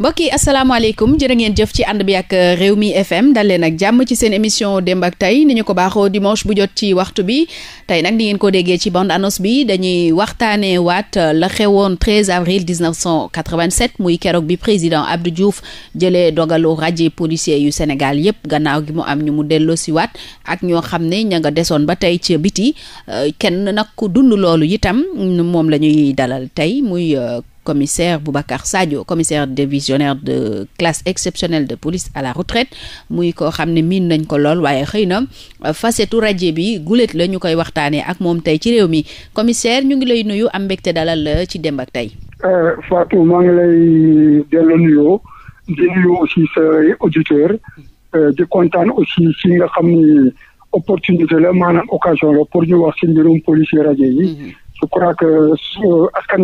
mbokk yi asalaamaaleykum jërë ngeen jëf ci ànd bi ak euh, réew mi FM dal leen ak jàmm ci seen émission démb ak tey ni ñu ko baaxoo dimonche bu jot ci waxtu bi tey nag ni ngeen ko déggee ci bande annonce bi dañuy waxtaanee waat euh, la xewoon 13 avril 1987 muy keroog bi président Abdou Diouf jëlee dogalu radier policier yu Sénégal yépp gannaaw gi mu am ñu mu delloosi waat ak ñoo xam ne ña nga desoon ba tey ca biti euh, kenn nag ku dund loolu itam moom la ñuy dalal tey muy commissaire Boubacar Sadio commissaire divisionnaire de classe exceptionnelle de police à la retraite muy koo xam ne miin nañ ko lool waaye xëy na euh, facetu rajo bi gulet la ñu koy waxtaanee ak moom tey ci réew mi commissaire ñu ngi lay nuyu am mbégte dalal la ci dem ak tey. Euh, Fatou maa ngi lay delloo nuyoo di nuyu aussi say auditeurs euh, di kontaan aussi ci nga xam ni opportunité la maanaam occasion la pour ñu wax ci mbirum policier rajo yi. Mm-hmm. je crois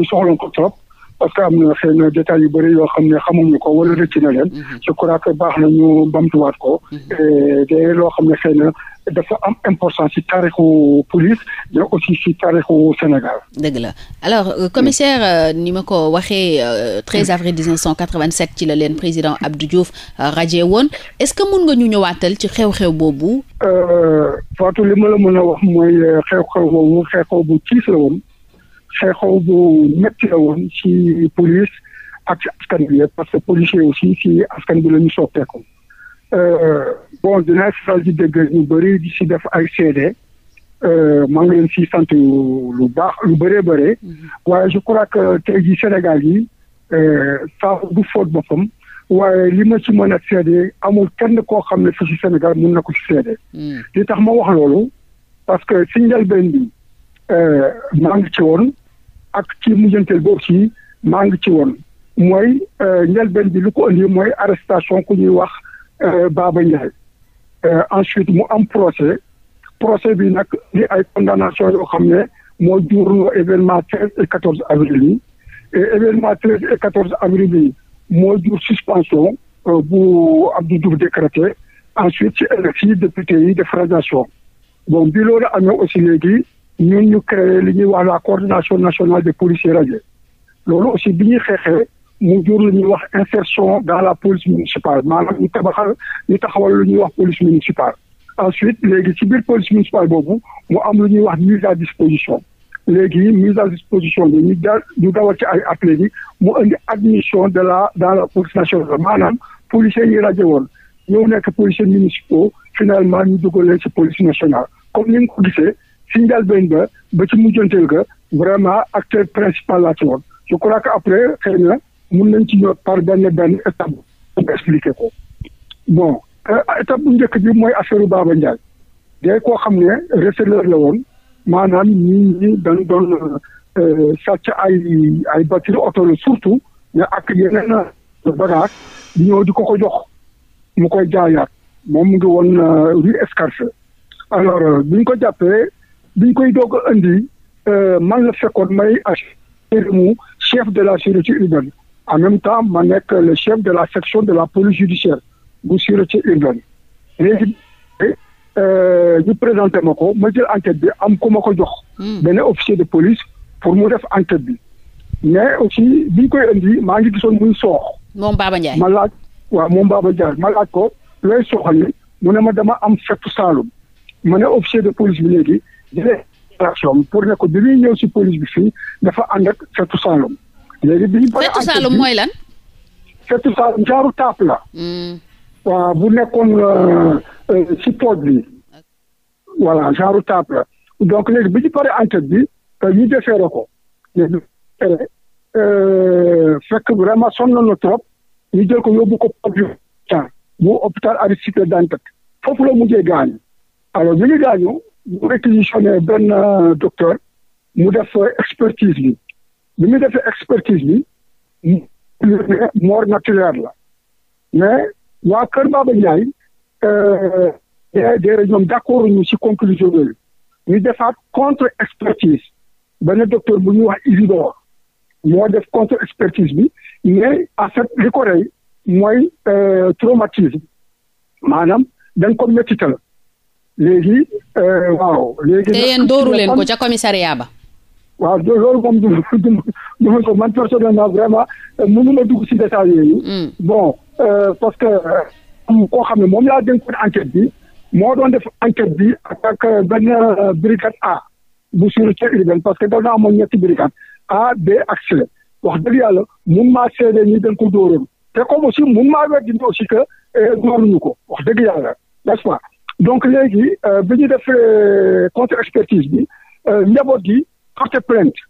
soxla ko trop. parce que am na xëy na yu bëri yoo xam ne xamuñu ko wala rëcc na leen mhm. je crois baax na ñu bamtuwaat ko mhm. de loo xam ne xëy na dafa am importance ci taarixu police mais aussi ci taarixu Sénégal. dëgg la alors euh, commissaire euh, ni ma ko waxee 13 euh, avril 1987 ci la leen président Abdou Diouf radié woon est-ce que mun nga ñu ñëwaatal ci xew-xew boobu. Fatou li ma la mën a wax mooy xew-xew boobu xew-xew bu tiis xeexoo bu métti la woon ci police ak ci askan bi yëpp parce que policier aussi ci askan bi la ñu soppeeku euh, bon dinaa faral di dégg ñu bëri di si def ay seede euh, maa ngi leen si sant lu baax lu bëree bëree mm-hmm. waaye je crois que tey jii Sénégal yi saa euh, du fóot boppam waaye li ma ci mën a seede amul kenn koo xam ne fii si Sénégal mun na ko si seede. Mm. li tax ma wax loolu parce que si njëlbeen bi. Euh, maa ngi ci woon ak ci mujjanteel boobu ci maa ngi ci woon mooy euh, njëlbeen bi lu ko indi mooy arrestation ku ñuy wax euh, Baba Ndiaye ensuite mu am procès procès bi nag li ay condamnation yoo xam ne moo jurloo événement treize et quatorze avril yi événement moo jur suspension bu Abdou Diouf décrété ensuite ci élection député yi def radiation bon bi loolu aussi léegi ñun ñu créé li ñu wax la coordination nationale des policiers radiés loolu aussi bi ñuy xeexee mu jur lu ñuy wax insertion dans la police municipale maanaam ñu tabaxal ñu taxawal lu ñuy wax police municipale ensuite léegi ci biir police municipale boobu mu am lu ñuy wax mise à disposition léegi mise à disposition bi ñu da ñu dawal ci ay at léegi mu indi admission de la dans la police nationale maanaam policiers yi rajo woon ñëw nekk policiers municipaux finalement ñu dugal leen ci police nationale comme ñu nga ko gisee si njëlbéen ba ba ci mujjanteel ga vraiment acteur principal laa ci woon je crois que après xëy na mun nañ ci ñëw par benn benn étape pour expliquer ko bon euh, étape bu njëkk bi mooy affaire Baba Ndiaye day koo xam ne receleur la woon maanaam ñii ñi dañ doon euh, sàcc ay ay batterie oto la surtout mais ak yeneen bagage ñëw di ko ko jox mu koy jaayaat moom mu ngi woon euh, rue Escarce alors bi ñu ko jàppee biñ koy doog a indi euh, man la fekkoon may mu chef de la sûreté urbaine en même temps ma nekk le chef de la section de la police judiciaire bu sûreté urbaine léegi euh, ñu présenté ma ko ma jël enquête bi am ku ma ko jox hmm. benn officier de police pour mu def enquête bi mais aussi biñ koy indi maa ngi gisoon muy soox moom Baba Ndiaye ma laaj waaw moom Baba Ndiaye ma laaj ko looy sooxal ni mu ne ma dama am fettu Saalum ma ne officier de police bi léegi jëlee réaction pour ne ko bi si police bi fii dafa ànd ak fetu saalum léegi bi ñu fetu saalum mooy fetu saalum jaaru taap la hmm. bu nekkoon si euh, euh, pot bi voilà genre tape la donc léegi bi ñu pare enquête euh, bi ñu defeere ko fekk vraiment sonn na trop ñu jël ko yóbbu ko pooj bu hôpital Aristide Dantec foofu la mujjee gaañu alors bi ñu gaañu mu réquisitionné benn euh, docteur mu def expertise bi bi mu def expertise bi mort naturelle la mais waa Kër Baba Ndiaye euh, euh, déedéet ñoom d' accord ñu si conclusion yooyu ñu defaat contre expertise benn docteur bu ñuy wax Isidore moo def contre expertise bi mais en fait li ko rey mooy traumatisme maanaam dañ ko méttital léegi euh, waaw. léegi te yéen dooru ko ca commissariat ba. waaw loolu moom du du ma ko man ma vraiment euh, mënu ma dugg si détails yooyu. Mm. bon euh, parce que koo xam ne moom laa dénkoon enquête bi moo doon def enquête bi ak benn brigade A bu sûreté urbaine parce que daf naa amoon ñetti brigade A B ak C wax dëgg yàlla mun maa seede ni dañ ko dóoroon te comme aussi mun maa weddi aussi que dóoruñu ko wax dëgg yàlla n'est-ce pas. donc léegi euh, bi ñu defee euh, contre expertise bi euh, njaboot gi porte plainte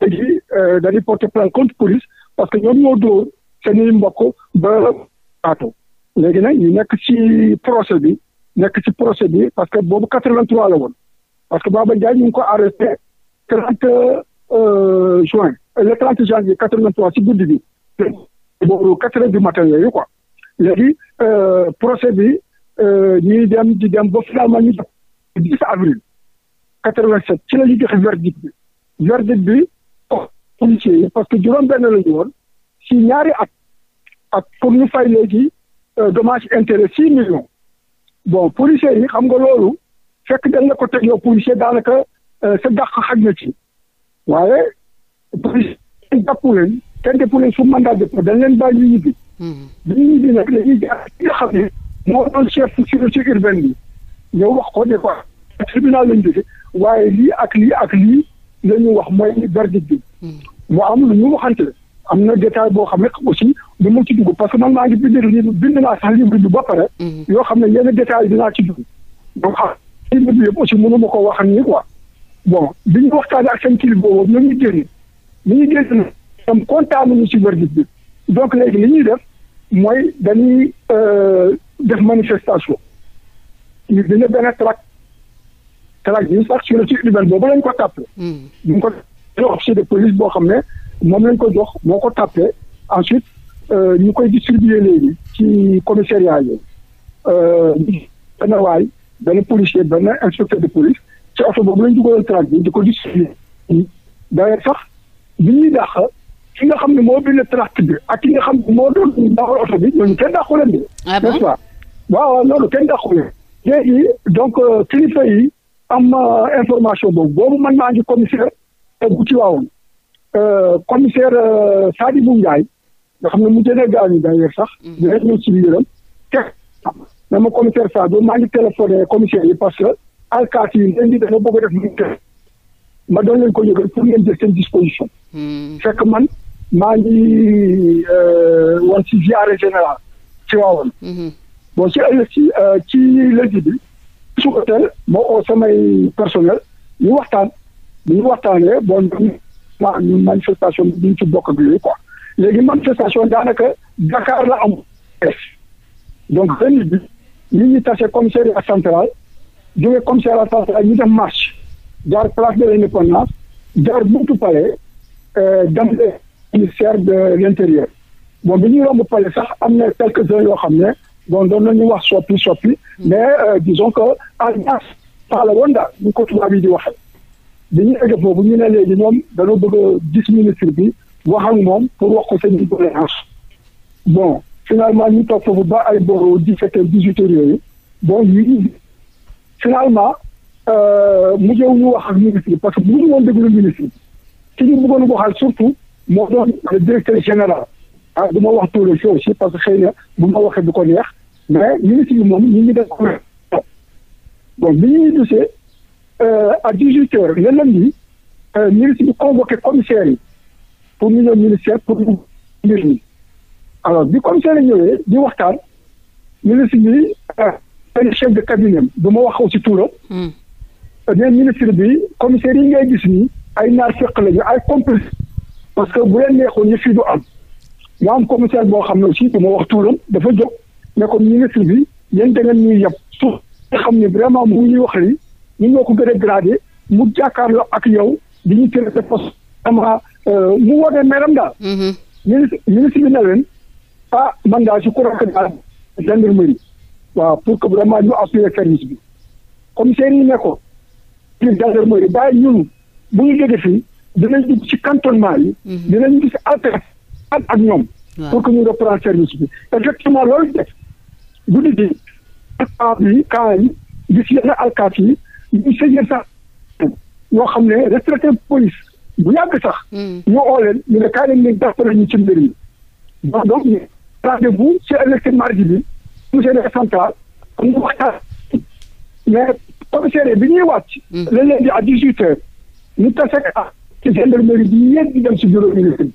léegi dañuy porte plainte contre police parce que ñoom ñoo dóor seeni mbokk ba léegi nag ñu nekk si procès bi nekk si procès bi parce que boobu quatre vingt trois la woon parce que Baba Ndiaye ñu ko arrêté trente juin le trente janvier quatre vingt trois ci guddi bi boobu quatre heures du matin yooyu quoi léegi procès bi Euh, ñuy dem di dem ba finalement ñu def le 10 avril 87 ci la ñu joxe verdict bi verdict bi policiers yi parce que juróom-benn la ñu woon si ñaari at ak pour ñu fay léegi euh, dommage intérêt six millions bon policiers yi xam nga loolu fekk dañ la ko teg yow policier daanaka euh, sa dàq xaj na ci waaye policier jàppu leen kenn jàppu leen su mandat de dañ leen bàyyi ñu ñibbi. Hmm. bi ñu ñibbi nag dañuy jaar ci nga xam ne. moo doon chef ci urbaine bi wax ko ne ko tribunal lañ jóge waaye lii ak lii ak lii la ñu wax mooy verdict bi moo am lu ñu waxante am na détail boo xam ne aussi du ma ci dugg parce que man maa ngi bind livre bind naa sax livre bi ba pare mhm. yoo xam ne yenn détail dinaa ci dugg donc ah livre bi yëpp aussi mënu ma ko wax nii quoi bon bi ñu waxtaanee ak seen kilifa boobu ñoom ñu génn ñu ñu génn ñoom kontaan nañu si verdict bi donc léegi li ñuy def mooy dañuy euh, def manifestation ñu dina benn tract tract bi sax sûreté urbaine boobu lañ ko tàppe hmm. ñu ko jox officier de police boo xam ne moom lañ ko jox moo ko tàppe ensuite euh, ñu koy distribuer léegi ci commissariat yi euh, benn waay benn policier benn inspecteur de police ci oto boobu lañ dugaloon tract bi di ko distribuer d'ailleurs sax bi ñuy dàq ki nga xam ne moo bind tract bi ak ki nga xam moo doon dawal oto bi ñooñu kenn dàqu leen de. Ah nest waaw loolu kenn dàqu léegi donc euh, kilifa yi am euh, information boobu boobu man maa ngi commissaire bu ci waawoon euh, commissaire Sadibou Ndiaye nga xam ne mu jëlee gaañu d'ailleurs sax. Mm-hmm. dinañ ñëw ci biiram te na ma commissaire Sadibou maa ngi téléphoné commissaire yi parce que alkaati yi leen di dafa bëgg def mu ma doon leen ko yëgal pour ngeen jël seen disposition. Hmm. fekk man. maa ngi euh, woon si ziare général ci waawoon mhm. bon ci ëllëg si ci léegi euh, bi su hôtel moo oo samay personnel ñu waxtaan ñu waxtaanee bon ma manifestation bi duñ ci bokk ak yooyu léegi manifestation daanaka Dakar la am donc benn bi ñu ngi tase commissariat central jógee commissariat central ñu def marche jaar place de l'indépendance jaar buntu palais euh, dem ministère de l'intérieur bon bi ñuy romb pale sax am na quelques uns yoo xam ne bon doon nañu wax soppi soppi mais euh, disons que alliance par la woon daal ñu ko tubaab yi di waxee bi ñu egg ñu ne léegi ñoom dañoo bëgg a ministre bi wax ak moom pour wax ko seen doléance bon finalement ñu toog foofu ba ay boro dix-sept heures dix-huit yooyu bon ñu finalement euh, mujjee wu ñu wax ak ministre parce que bu ñu woon déglu ministre bi ci ñu bëggoon waxal surtout moo doon le directeur général ah du ma wax tout le show aussi parce que xëy na bu ma waxee du ko neex mais ministre bi moom ñu ngi def bon bi ñuy dusee euh, à dix huit heures le lundi euh, ministre bi convoqué commissaire yi pour ñu ñëw ministère pour ñu mbir mi alors bi commissaire la ñëwee di waxtaan ministre bi benn euh, chef de cabinet du ma wax aussi tuuram mais hmm. ministre bi commissaire yi ngay gis nii ay naar fekk lañu ay complice parce que bu leen neexoon ñu fii du am mu am commissaire boo xam ne aussi du ma wax tuuram dafa jóg ne comme ministre bi yéen da ngeen ñuy yab suuf nga xam ne vraiment mu ngi ñuy wax ñu ñoo ko gën a gradé mu jàkkaarloo ak yow di ñu tëral sa poste vraiment euh, mu wootee meeram daal. Mhm. ministre ministre bi ne leen ah man daal si kuréel ak daal gendarmerie waaw pour que vraiment ñu assurer service bi commissaire yi ne ko. gendarmerie bàyyi ñun bu ñu jógee fii. dinañ gis ci cantonnement yi. Mhm. dinañ gis APS ak ak ñoom. pour que ñu reprendre service bi exactement loolu def guddi gi camp bi camp yi gis yenn alkaati yi ñu sëñee sax yoo xam ne retraité police bu yàgg sax. Mm. ñu oo leen ñu ne kaay leen leen jàppale ñu ci mbir mi. donc donc rendez-vous ci élection mardi bi monsieur le central am na waxtaan mais commissaire bi ñuy wàcc. lañ mm. leen di à dix huit heures ñu tase ak ci gendarmerie bi yépp di dem si bureau ministre bi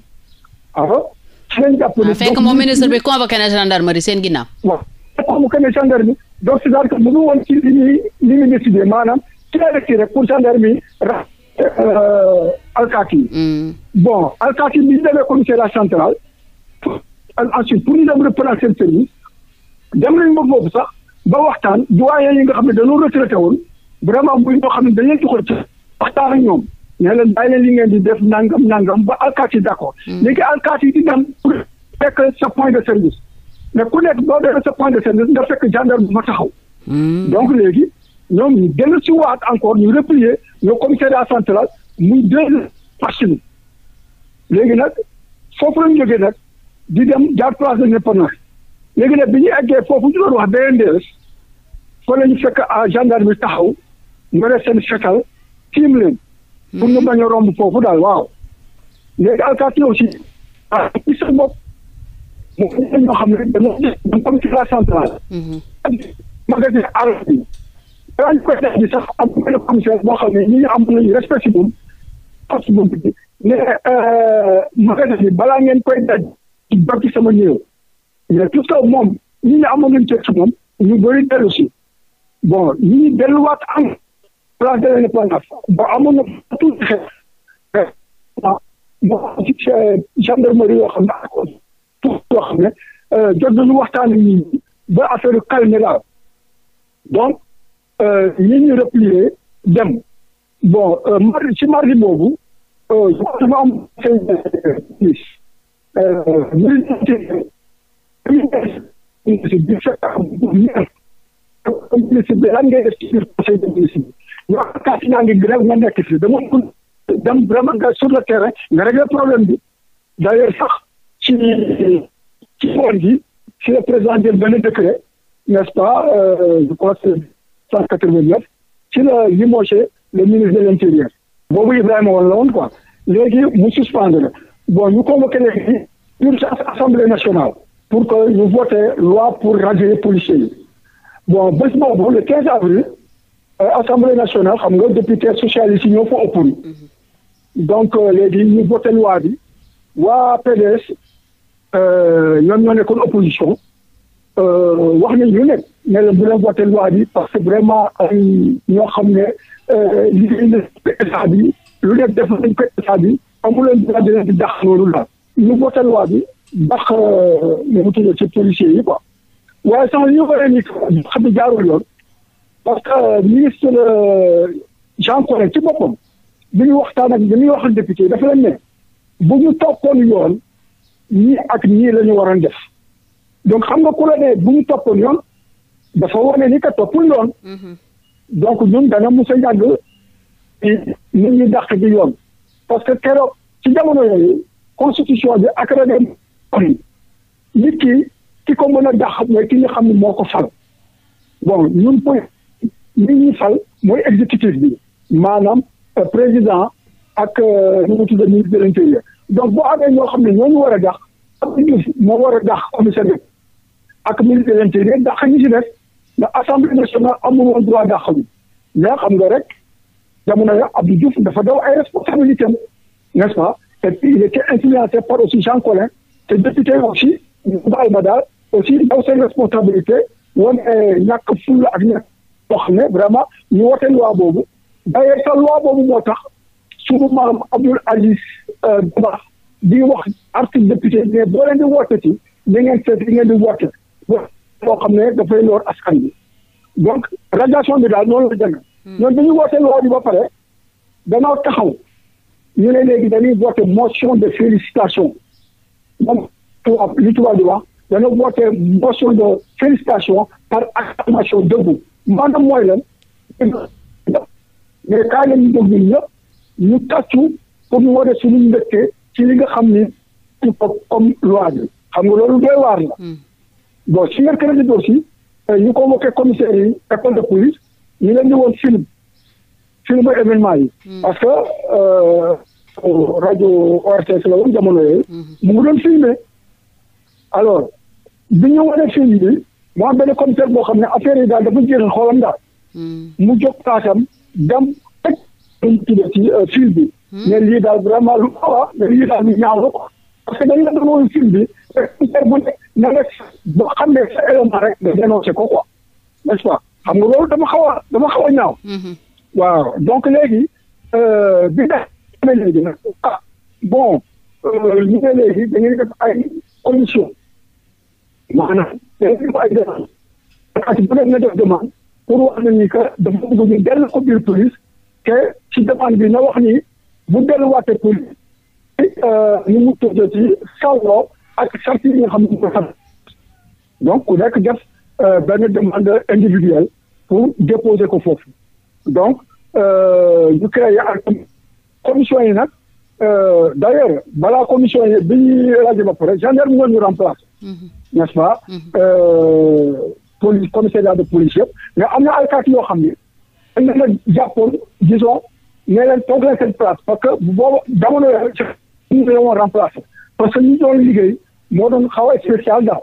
alors ah, ci lañ jàpp ne ah, fekk moom ministre bi convoqué na gendarmerie seen ginnaaw mu ngi woon ci li ñuy li ñuy décidé maanaam ci la rek rek pour gendarmerie ra euh, alkaati yi hmm. bon alkaati bi ñu demee commissariat central ensuite pour ñu dem reprendre sen service dem nañ ba foofu sax ba waxtaan doyen yi nga xam ne dañoo retraité woon vraiment muy ñoo xam ne dañ leen joxoon waxtaan ak ñoom ne leen bàyyi leen li ngeen di def nangam nangam ba alkaati d' accord. Hmm. léegi alkaati di dem pour fekk sa point de service. mais ku nekk boo defee sa point de service nga fekk gendarme bu ma taxaw. Hmm. donc léegi ñoom ñu dellu si waat encore ñu replier le commissariat central muy deux parties bi. léegi nag foofu la ñu jógee di dem jaar place de l'Indépendance léegi nag bi ñu eggee foofu ñu wax BNDS fa la ñu fekk gendarme bi taxaw ñu def seen fetal tiim pour ñu bañ a romb foofu daal waaw. léegi alkaati aussi a ah, ci sa bopp moom ñoo xam ne dañoo dañoo am ci la centrale. Mhm. magasin àll bi. daañu koy def di sax am benn commissaire boo xam ne ñi ñu am nañu respect si moom parce que moom ne euh, magasin balaa ngeen koy daj ci sama néew. mais tout moom ñi ñu amoon nañu teg si moom ñu bëri dellu si bon ñi ñu delluwaat am. place de l'indépendance ba amoon na tout xeex bo ci yoo xam ne ak tout yoo xam ne jot nañu waxtaan nit ñi ba affaire calme daal donc ñi ñu replier dem bon mardi ci mardi boobu dafa am bi lan ngay def ci biir conseil de ministre ñu am katinange bi rek nga nekk fi dama mun dem vraiment nga sur le terrain nga régler problème bi d'ailleurs sax ci ci boor gi si le président jël benn décret n'est-ce pas euh, je crois que vingt neuf ci la limoché le ministre de l'intérieur boobu Ibrahima woon la woon quoi léegi mu suspendre la bon ñu convoqué léegi urgence assemblée nationale pour que ñu vote loi pour radier policiers bon bés boobu le 15 avril Euh, assemblée nationale xam nga député socialiste yi ñoo fa ëppoon mhm. donc euh, léegi ñu voté loi bi waa PDS euh, ñoom ñoo nekkoon opposition wax nañ ñu nekk ne leen bu leen voté loi bi parce que vraiment ay ñoo xam ne liggéey bi lu nekk def nañ ko état bi amu leen di dàq loolu la ñu voté loi bi dàq mu tudd si policiers yi quoi waaye sax li ñu waree ni xam ne jaarul yoon parce que euh, ministre euh, Jean Coré ci boppam bi ñu waxtaan ak bi ñuy wax ak député dafa leen ne bu ñu toppoon yoon ñii ak nii la ñu waroon def donc xam nga ku la bu ñu toppoon yoon dafa wane ni que toppul yoon mhm. donc ñun dana mos a yàgg nit ñi dàq di yoon parce que keroog ci jamono yooyu constitution bi ak règlement nit ki ki ko mën a dàq mooy ki ñu xam ne moo ko fal bon ñun point li ñuy fal mooy exécutif bi maanaam euh, président ak euh, nu mu tudd ministre de l'intérieur donc boo amee ñoo xam ne ñooñu war a dax am nañu moo war a dax commissaire ak ministre de l'intérieur dàq ñu si def ndax assemblée nationale amul woon droit dàq ñu mais xam nga rek jamono ya Abdou Diouf dafa daw ay responsabilités am n'est-ce pas et il était influencé par aussi Jean Collin te député aussi ñu ma daal aussi daw sen responsabilité woon euh, ñàkk fulla ak ñàkk boo xam ne vraiment ñu wote loi boobu d'ailleurs sa loi boobu moo tax suñu maam Abdoul Aziz Dabakh euh, di wax article député mais boo leen da ngeen seet li ngeen di woote boo xam ne dafay loor askan bi donc radiation bi daal noonu la demee hmm. ñoom dañu woote loi ba pare danaa taxaw ñu ne léegi dañuy voté motion de félicitation moom lu tubaab di wax dañoo voté motion de félicitation par acclamation debout maana mooy mais kaay la ñu jóg ñun ñëpp ñu tàccu pour ñu wane suñu mbégte ci li nga xam ni ci comme loi xam nga loolu doy waar la mm. bon si mercredi aussi euh, ñu convoqué commissaire yi école de police ñu leen di woon film film événement yi mm. parce que euh, rajo ORTS la woon jamono yooyu mm-hmm. mu ngi doon filmé alors bi ñu wane film bi mu am benn commissaire boo xam ne affaire yi daal dafa jeexal xoolam daal. Hmm. mu jóg paasam dem teg dañu tuddee ci euh, fil bi. ne hmm. lii daal vraiment lu awa ne lii daal ñu ñaaw ko parce que dañu la doon woon fil bi te ne na nga xam ne sa élément rek nga dénoncé ko quoi n'est-ce pas xam nga loolu dama xaw a dama xaw a ñaaw. Hmm. waaw donc léegi euh, bi nga xamee nag ah bon euh, ñu ne léegi dañuy def ay commission. maanaam tey ko demande at bu nekk nga def demande pour wax na ni que dafa bëgg ñu dellu ko biir police te ci demande bi na wax ni bu delluwaatee police euh, ni mu tuddee ci sawloo ak charte yi nga xam ne ko xam donc ku nekk def euh, benn demande individuelle pour déposer ko foofu donc euh, ñu créé ak commission yi nag d' ailleurs balaa commission yi bi ñuy rajo ba pare gendarme moo ñu remplacé Mm-hmm. n'est-ce pas. Mm-hmm. Euh, police commissariat de police yëpp mais am na alkaati yoo xam ne dañ a jàppoon disons ne leen toog leen seen place parce que boobu jamono yooyu dañoo woon remplacé parce que ñu doon liggéey moo doon xaw a spécial daal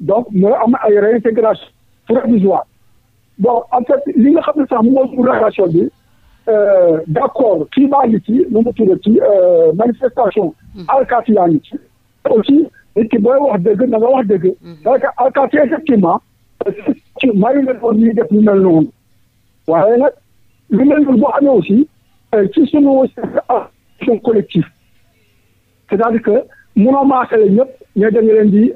donc mooy am ay réintégration provisoire bon en fait li nga xam ne sax mooy bi euh, d'accord kii baa ngi ci nu mu tuddati euh, manifestation mm-hmm. alkaati yaa ngi aussi nit ki booy wax dëgg na nga wax dëgg. Mhm. parce que alkaati effectivement. ci maa ngi leen woon ñuy def lu mel noonu. waaye nag lu mel noonu boo amee aussi. Euh, ci sunu action collective. c'est-à-dire que munoo maasale ñëpp ñooy da leen di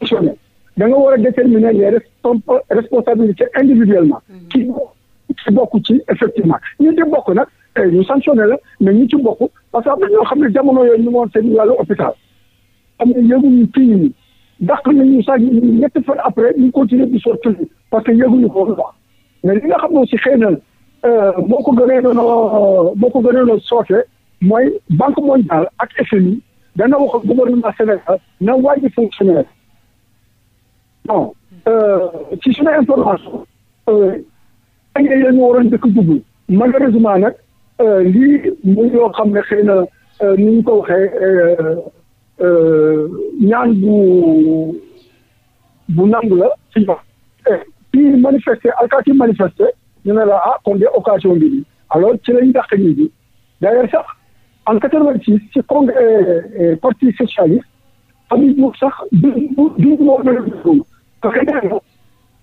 fonctionner euh, nga war a déterminer les responsabilités individuellement. Mhm. ki ci bokk ci effectivement ñu ci bokk nag euh, ñu sanctionné la mais ñu ci bokk parce que am na ñoo xam ne jamono yooyu ñu ngi woon seen wàllu hôpital. xam ne yëguñu fii nii dàq nañu sax ñetti fan après ñu continuer di sorti parce que yëguñu ko wax mais li nga xam ne si xëy na moo euh, ko gënee doon moo euh, ko gënee doon sooke mooy banque mondiale ak FMI dana wax gouvernement Sénégal na wàññi fonctionnaire non euh, ci suñu information añee la ñu waroon dëkk jublu malheureusement nag lii muy yoo xam ne xëy na ni ñu ko waxee Euh, ñaan bu bu nangu la si ñoom fii eh, manifester alkaati manifester ñu ne la ah kon de occasion bi nii alors ci lañ dàq ñi bi d'ailleurs sax en quatre ci congrès eh, eh, parti socialiste Habib Bourg sax du du moo mel noonu na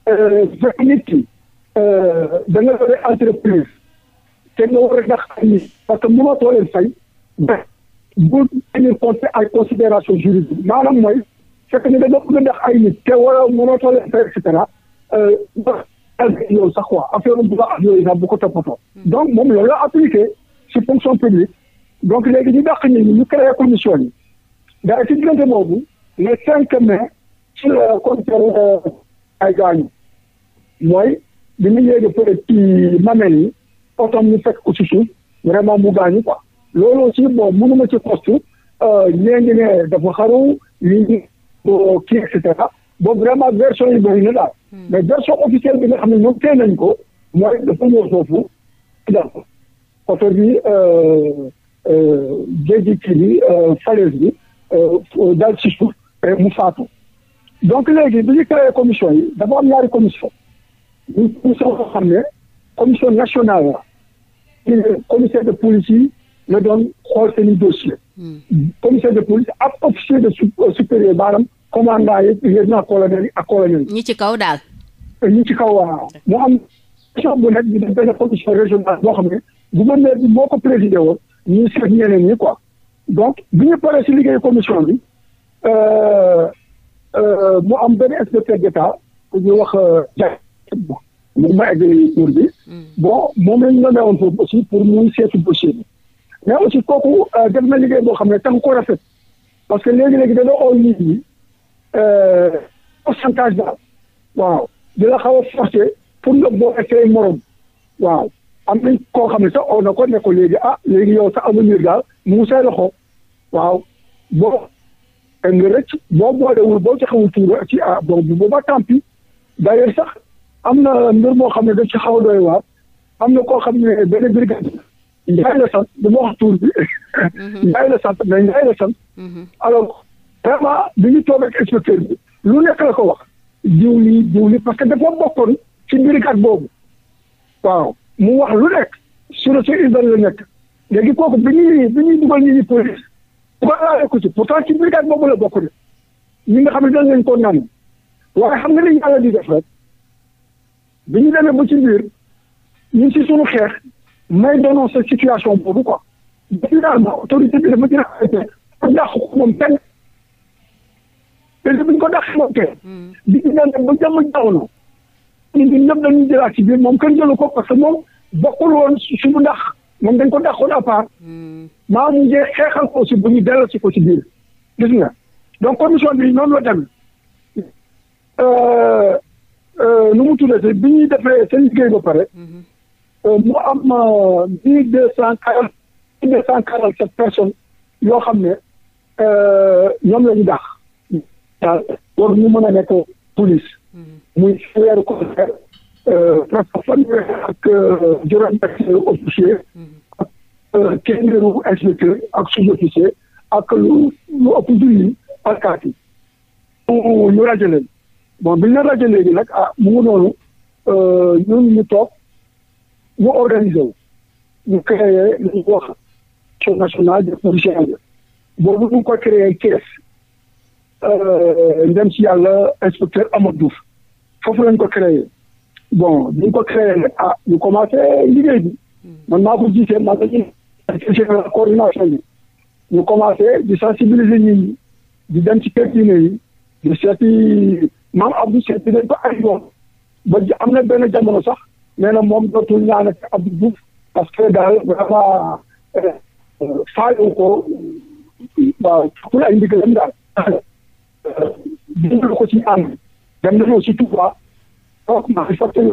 euh, fekk nit ki euh, da nga yore entreprise te nga war a dàq nit parce que mënatoo leen fay bu tenir compte ay considération juridique maanaam mooy fekk ne da nga bëgg a ndax ay nit te wala mënoo tollee faire et cetera euh, yow sax quoi affaire bu baax ak sax bu ko toppatoo donc moom loolu la appliqué si fonction publique donc léegi ñu dàq ñi ñu créé commission yi daal si diggante le cinq mai ci la commissaire euh, ay gaañu mooy di mu yéegi peut être ci yi otom ñu fekk ko si suuf vraiment mu gaañu quoi loolu aussi moom mënu ma ci postu ñee euh, ngi ne dafa xaru ñi ngi kii et boobu vraiment version yi bëri na daal hmm. mais version officielle bi nga xam ne ñoom tey nañ ko mooy dafa ñëw foofu dal ko oto bi euh, euh, géej kii bi falaise bi daal ci mu faatu donc léegi bi ñu créé commission yi dafa am ñaari commission ñu commission boo xam ne commission nationale la commissaire de police na doon xool seen i dossier hmm. commissaire de police ab officier de euh, supérieur maanaam commandant yi lieutenant colonel yi ak colonel yi. ñi ci kaw daal. ñi ci kaw waaw mu am commission bu nekk ñu def benn commission régionale xam ne gouverneur bi moo ko présidé woon ñu seet ñeneen ñi quoi donc bi ñu paree si liggéey commission bi euh, euh, mu am benn inspecteur d'état pour ñu wax jaay moom ma egg tur bi hmm. bon moom lañu ñu nommé woon foofu aussi pour muy seetu dossier bi. mais aussi kooku euh, def na liggéey boo xam ne tam ko rafet parce que léegi-léegi da doon nii nit ñi euh, pourcentage daal waaw di la xaw a forcé pour nga boole say morom waaw am nañ koo xam ne sax oo na ko ne ko léegi ah léegi yow sa avenir daal mu ngi say loxo waaw boo nga rëcc boo boolewul boo ci xawul tuur ci ah bon bu boobaa tant pis d'ailleurs sax am na mbir moo xam ne daf ci xaw a doy waar am na koo xam ne benn brigade Ndiaye la sant du ma wax tur bi Ndiaye la sant mais Ndiaye la sant alors vraiment bi ñu toog ak lu nekk la ko wax jiw lii jiw lii parce que dafa bokkoon ci brigade boobu waaw mu wax lu nekk sur su Israël la nekk léegi kooku bi ñuy bi ñuy dugal ñu ñi police bu ko laalee ko ci pourtant ci brigade boobu la bokk de ñi nga xam ne dañ leen ko naan waaye xam nga ni yàlla di def rek bi ñu demee ba ci biir ñun si suñu xeex may dénoncer situation boobu quoi. finalement autorité bi dama gën a arrêté ba dàq ko moom kenn. te li ñu ko dàq moom kenn. bi ñu naan ba jàmm jaww na. ñun ñëpp dañuy jëlaat ci biir moom kenn jëlu ko parce que moom bokkul woon si mu dàq moom dañ ko dàqoon à part. maa mu njëkk xeexal ko aussi bu ñu delloo si ko ci biir. gis nga donc commission bi noonu la dem. nu mu tuddati bi ñuy defee seen liggéey ba pare. Euh, mu am mille euh, deux cent quarante mille deux cent quarante sept personnes yoo xam ne euh, ñoom lañu ñu dàq daal ñu mën a nekk police mm-hmm. muy si weeru concert presque fanweer ak juróom officier mm-hmm. ak téeméeru ak sous-officier ak lu lu ëpp junni alkaat yi ñu rajo leen bon bi ñu la rajo léegi nag ah mu ngi noonu ñun ñu toog ñu organiser wu ñu créé lu ñuy wax Fonds national de projet boobu ñu ngi ko créé Thiès euh, ndem si yàlla inspecteur Amadou Diouf foofu lañ ko créé bon bi ko créé nag ah ñu commencé liggéey bi man maa ko jiite maa ko jiite la coordination bi ñu commencé di sensibiliser nit ñi di dem ci kër diine yi di seeti maam Abdou Seck di dañ ko ay yoon ba am na benn jamono sax nee na moom dootul ñaanati Abdou Diouf parce que daal vraiment euh, faayu ko waaw fàttali ay ndigalam daal. dinañu ko ci ñaan dem nañu aussi Touba donc maa ngi fàttali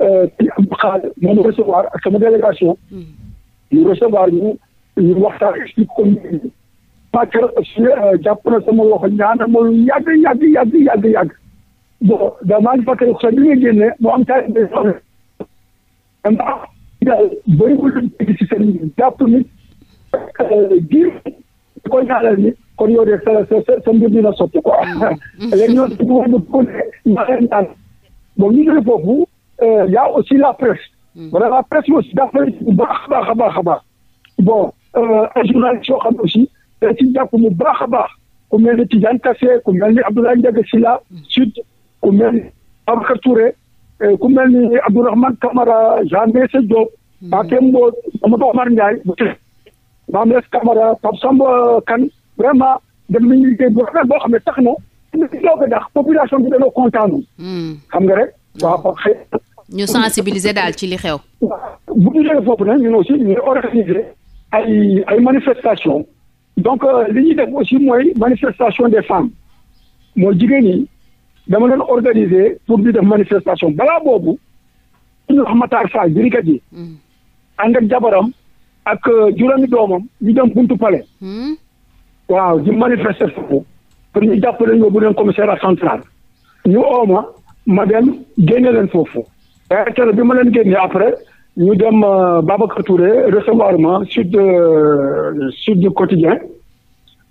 euh, kii Abdou Khadre moom recevoir ak sama délégation. Hmm. ñu recevoir ñu ñu waxtaan ci commune bi. Bakar aussi jàpp na sama loxo ñaanal ma lu yàgg yàgg yàgg yàgg yàgg bon daal maa ngi fàttali ko sax bi nga génne mu am taay ndax daal bëriwul luñ dégg si seen jàpp ni euh, ko ñaanal ni kon yow de sa sa sa ko dina sotti quoi mm. Mm. léegi ñoom suñu wàllu kon maa leen naan bon ñu jógee foofu euh, y aussi la presse. wala mm. la presse aussi dafa bu baax a baax a baax a baax bon ay euh, journaliste yoo xam aussi dañ ci jàpp mu baax a baax ku mel ni Tidiane Tassé ku mel ni Abdoulaye Ndiaga Sylla Sud ku mel ni Ababacar Eh, ku mel ni Abdourahmane Camara Jean Meissa ma hmm. Mbacké Mbodj Amadou Omar Ndiaye. Mame Less Camara Pape Samba Kane vraiment dem nañu liggéey bu rafet boo xam ne tax na. ñu doog a dax population bi dañoo kontaanu. Hmm. xam nga rek waaw xëy ñu sensibiliser daal ci li xew. bu ñu jógee foofu nag ñu aussi ñu organiser ay ay manifestations. donc euh, li ñuy def aussi mooy manifestation des femmes mooy jigéen ñi dama doon organiser pour di def manifestation balaa boobu ñu wax Matar Fall birikat yi hmm. ànd ak jabaram ak euh, juróomi doomam ñu dem buntu palais hmm. waaw di manifester foofu pour ñu jàppale ñu bu leen commissariat central ñu ooma ma dem génne leen foofu tere bi ma leen génne après ñu dem euh, Babacar Touré recevoir ma sud euh, sud du quotidien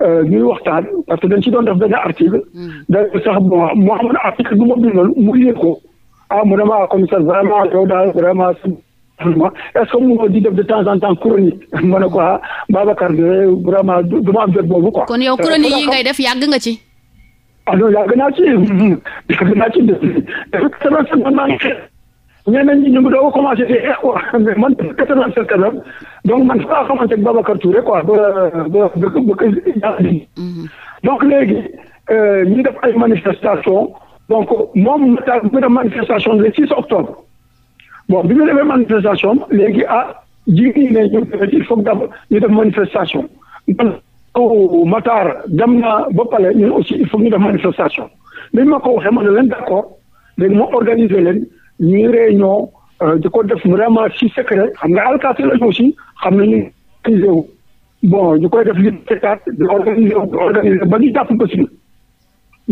Euh, ñuy waxtaan parce que dañ ci doon def benn article. Hmm. da sax bon moo xam ne article bu ma bindoon mu yee ko ah mu ne ma commissaire vraiment yow daal vraiment. est-ce que mënoo di def de temps en temps chronique ma ne ko ah Babacar de vraiment du ma am jot boobu quoi. kon yow euh, chronique yi ngay def yàgg nga ci. ah non yàgg naa ci yàgg naa ci ñeneen ñi ñu ngi doog a commencé di mais man quatre-vingt-sept quand même donc man faa xamante ak Babacar Touré quoi ba ba ba ba mhm. donc léegi euh, ñu def ay manifestation donc moom mu def manifestation le 6 octobre boo bi ñu defee manifestation léegi ah ji gi ne ñu il faut que ñu def manifestation man oh, dem na ba pale ñun aussi il faut que ñu def manifestation ma ko waxee ma ne leen d'accord léegi ma organiser leen. ñuy réunion euh, di ko def vraiment si secret xam nga alkaati la aussi xam nañu organiser wu bon ñu koy def li sekat di organiser wu organiser ba ñu jàpp bés bi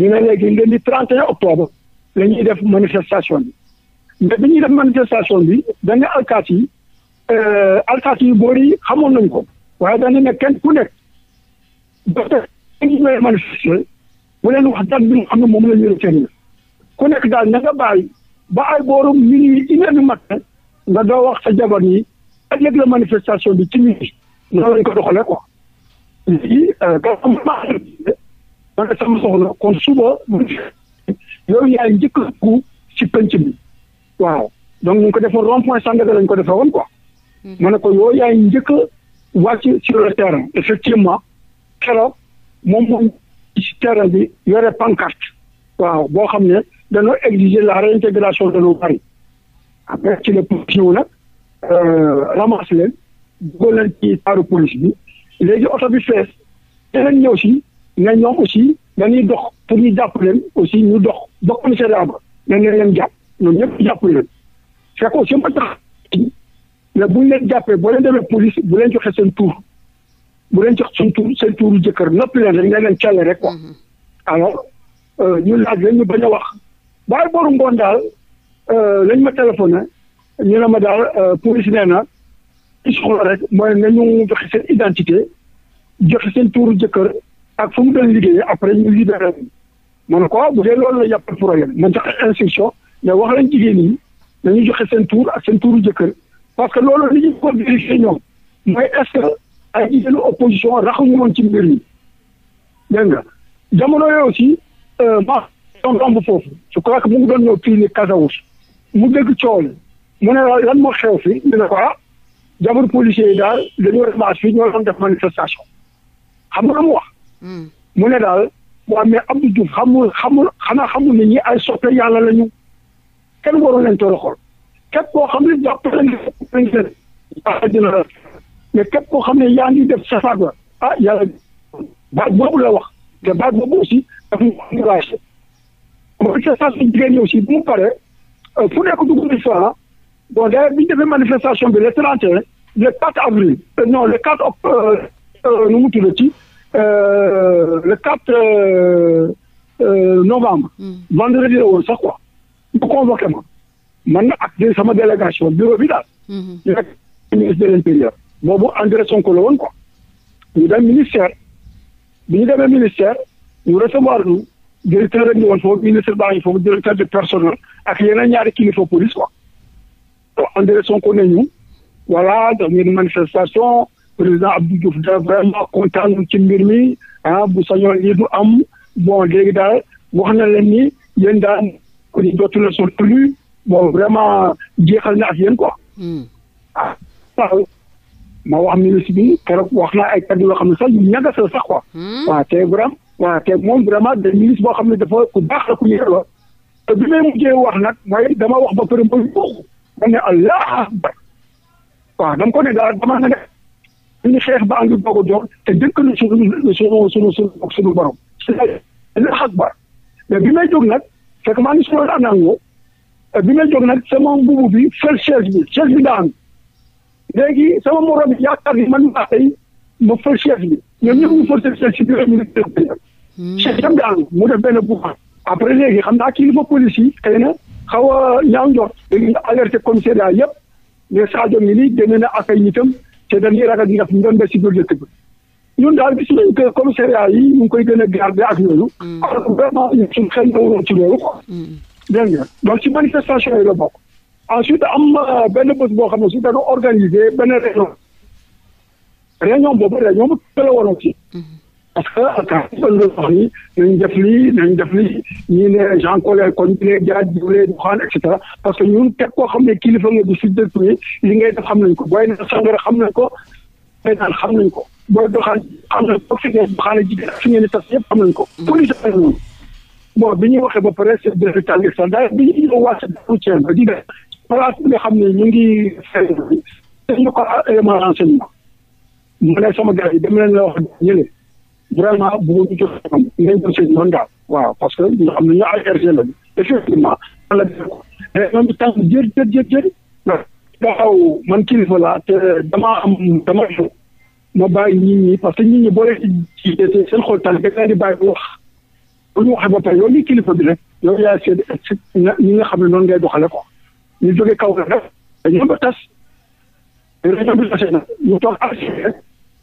ñu ne léegi leen di ñuy def manifestation bi mais bi ñuy def manifestation bi dañu alkaati yi euh, alkaati yu boori xamoon nañ ko waaye dañu ne kenn ku nekk docteur ñu may manifester bu wax date bi nga xam ne moom la ñu retenir ku nekk daal na nga bàyyi ba ay booru minuit une heure du nga doo wax sa jabar yi ak léegi la manifestation bi ci minuit noonu lañ ko doxalee quoi léegi euh, man sama soxla kon suba yow yaay njëkk ku ci penc bi waaw donc mu ko defoon rond point Sandaga lañ ko defee woon ko mhm. ma ne ko yow yaay njëkk wàcc sur le terrain effectivement keroog moom moom ci terrain bi yore pancarte waaw boo xam ne danoo exiger la réintégration de nos maris après ci la police ñëw nag euh, ramasse leen dugal leen ci taaru police bi léegi oto bi fees yeneen ñëw si ne ñoom aussi dañuy dox pour ñu jàpp leen aussi ñu dox ba commissariat ba dañ leen leen jàpp ñoom ñëpp jàpp leen fekk si ma tax mais bu ñu leen jàppee boo leen demee police bu leen joxe seen tur bu leen jox seen tur seen tuuru jëkkër noppi leen rek nga leen càlle rek quoi mm-hmm. alors euh, ñu laaj leen ñu bañ a wax waaye booru ngoon daal lañ euh, ma téléphoné ñu ne ma daal euh, police nee na ci soxla rek mooy nañu joxe seen identité joxe seen tuuru jëkkër ak fu mu doon liggéey après ñu libéré ma ne ko ah, bu dee loolu la yàppal problème man joxe instruction mais wax lañ jigéen ñi nañu joxe seen tuur ak seen tuuru jëkkër parce que loolu li ñu ko vérifié ñoom mooy est-ce que ay jigéenu opposition raxuñu woon ci mbir mi dégg nga jamono yooyu aussi euh, doon romb foofu je crois mu doon ñëw fii ni Kasawus mu dégg coow mu ne lan moo xew fi ñu ne ko ah jabar policier yi daal dañoo ramasse fii ñoo doon def manifestation xam nga mu wax. Hmm. mu ne daal waaw mais Abdou Diouf xamul xamul xanaa xamul ne ñi ay soppe yàlla la ñu kenn waroon leen xool képp koo xam ne jàpp nañ leen ah, mais képp koo xam ne yaa ngi def safaan ah yàlla baat boobu la wax te baat boobu aussi dafa mu engagé manifestation jigéen ñi aussi bu mu pare euh, fu nekk dugg nañ fa bon d'ailleurs bi ñu defee manifestation bi le 31 le 4 avril euh, non le 4 euh, nu mu tuddati le 4 novembre. Hmm. vendredi la woon sax quoi ñu convoqué ma man na ak sama délégation bureau bi daal. Hmm. ñu nekk de l'intérieur. boobu André Sonko la woon quoi. ñu dem ministère bi ñu demee ministère ñu recevoir ñu. directeur rek ñu woon foofu ministre baa ngi foofu directeur de personnel ak yeneen ñaari kilifa police quoi donc André Sonko ne ñu voilà daf ngeen manifestation président Abdou Diouf da vraiment kontaan ci mbir mi ah bu sañoon lii du am bon léegi daal wax na leen ni yéen daal ko ñu dootu la son bon vraiment jeexal na ak yéen quoi hmm. ah ma wax ministre bi keroog wax na ay kàddu yoo xam ne sax ñu ñagasal sax quoi hmm. waaw te vraiment waaw te moom vraiment de ministre boo xam ne dafa ku baax la ku ñu yor te bi may mujjee wax nag mooy dama wax ba pare ba yuuxu ma ne allah akbar waaw dama ko ne daal dama ne ñu xeex ba ànd doog a door te dëkkalu suñu suñu suñu suñu suñu borom allah akbar mais bi may jóg nag fekk maa ngi suñu anango bi may jóg nag sama mbubu bi fel chaise bi chaise bi daan léegi sama morom yaakaar ni man maa tey ma fel chaise bi ñoom ñëpp ñu fel chaise bi chef tam daanu mu def benn bourran après léegi xam naa kilifa police yi xëy na xaw a ñaaw njort dañuy alerté commissariat yëpp a Sadio ngi nii génne na ak ay nitam te dañuy ragal ñu def de si biir dëkk bi ñun daal gis nañ que yi ñu koy gën a garder ak loolu hmm. alors vraiment ñun suñu xel si hmm. manifestation yi la bokk ensuite am euh, benn bés boo xam ne si dañoo organiser benn réunion réunion boobu réunion bu tëla woon aussi parce que attaque bi nga wax ni nañ def lii nañ def lii ñii ne Jean Collin kon ñu ne jaaj ñu ne Duxaan et cetera parce que ñun teg koo xam ne kilifa nga di si dëkk bi li ngay def xam nañ ko booy naan sangara xam nañ ko booy naan xam nañ ko booy doxaan xam nañ ko fi ngeen doxaale jigéen ak fi ngeen di tas yëpp xam nañ ko. Mm. police am nañu bon bi ñuy waxee ba pare c' est de l' état sax daal bi ñuy ñëw wàcc routière ba di def place bi nga xam ne ñu ngi fay dañu ko ah, élément renseignement mu ne sama gars yi dem leen la wax ñële vraiment bëggoon ñu jot ñoom ngeen jël seen yoon daal waaw parce que ñu xam ne ñu ay RG lañu effectivement la mais ñoom i tànn jër jër jër jër daaw man kilifa laa te damaa am dama yow ma bàyyi nit ñi parce que nit ñi boo leen ci seen xol tànn da di bàyyi wax bu ñu waxee ba pare yow lii kilifa bi rek yow yaa seet ñi nga xam ne noonu ngay doxale ko ñu jógee kaw na rek dañu ba tas réunion bi tasee na ñu toog arrêté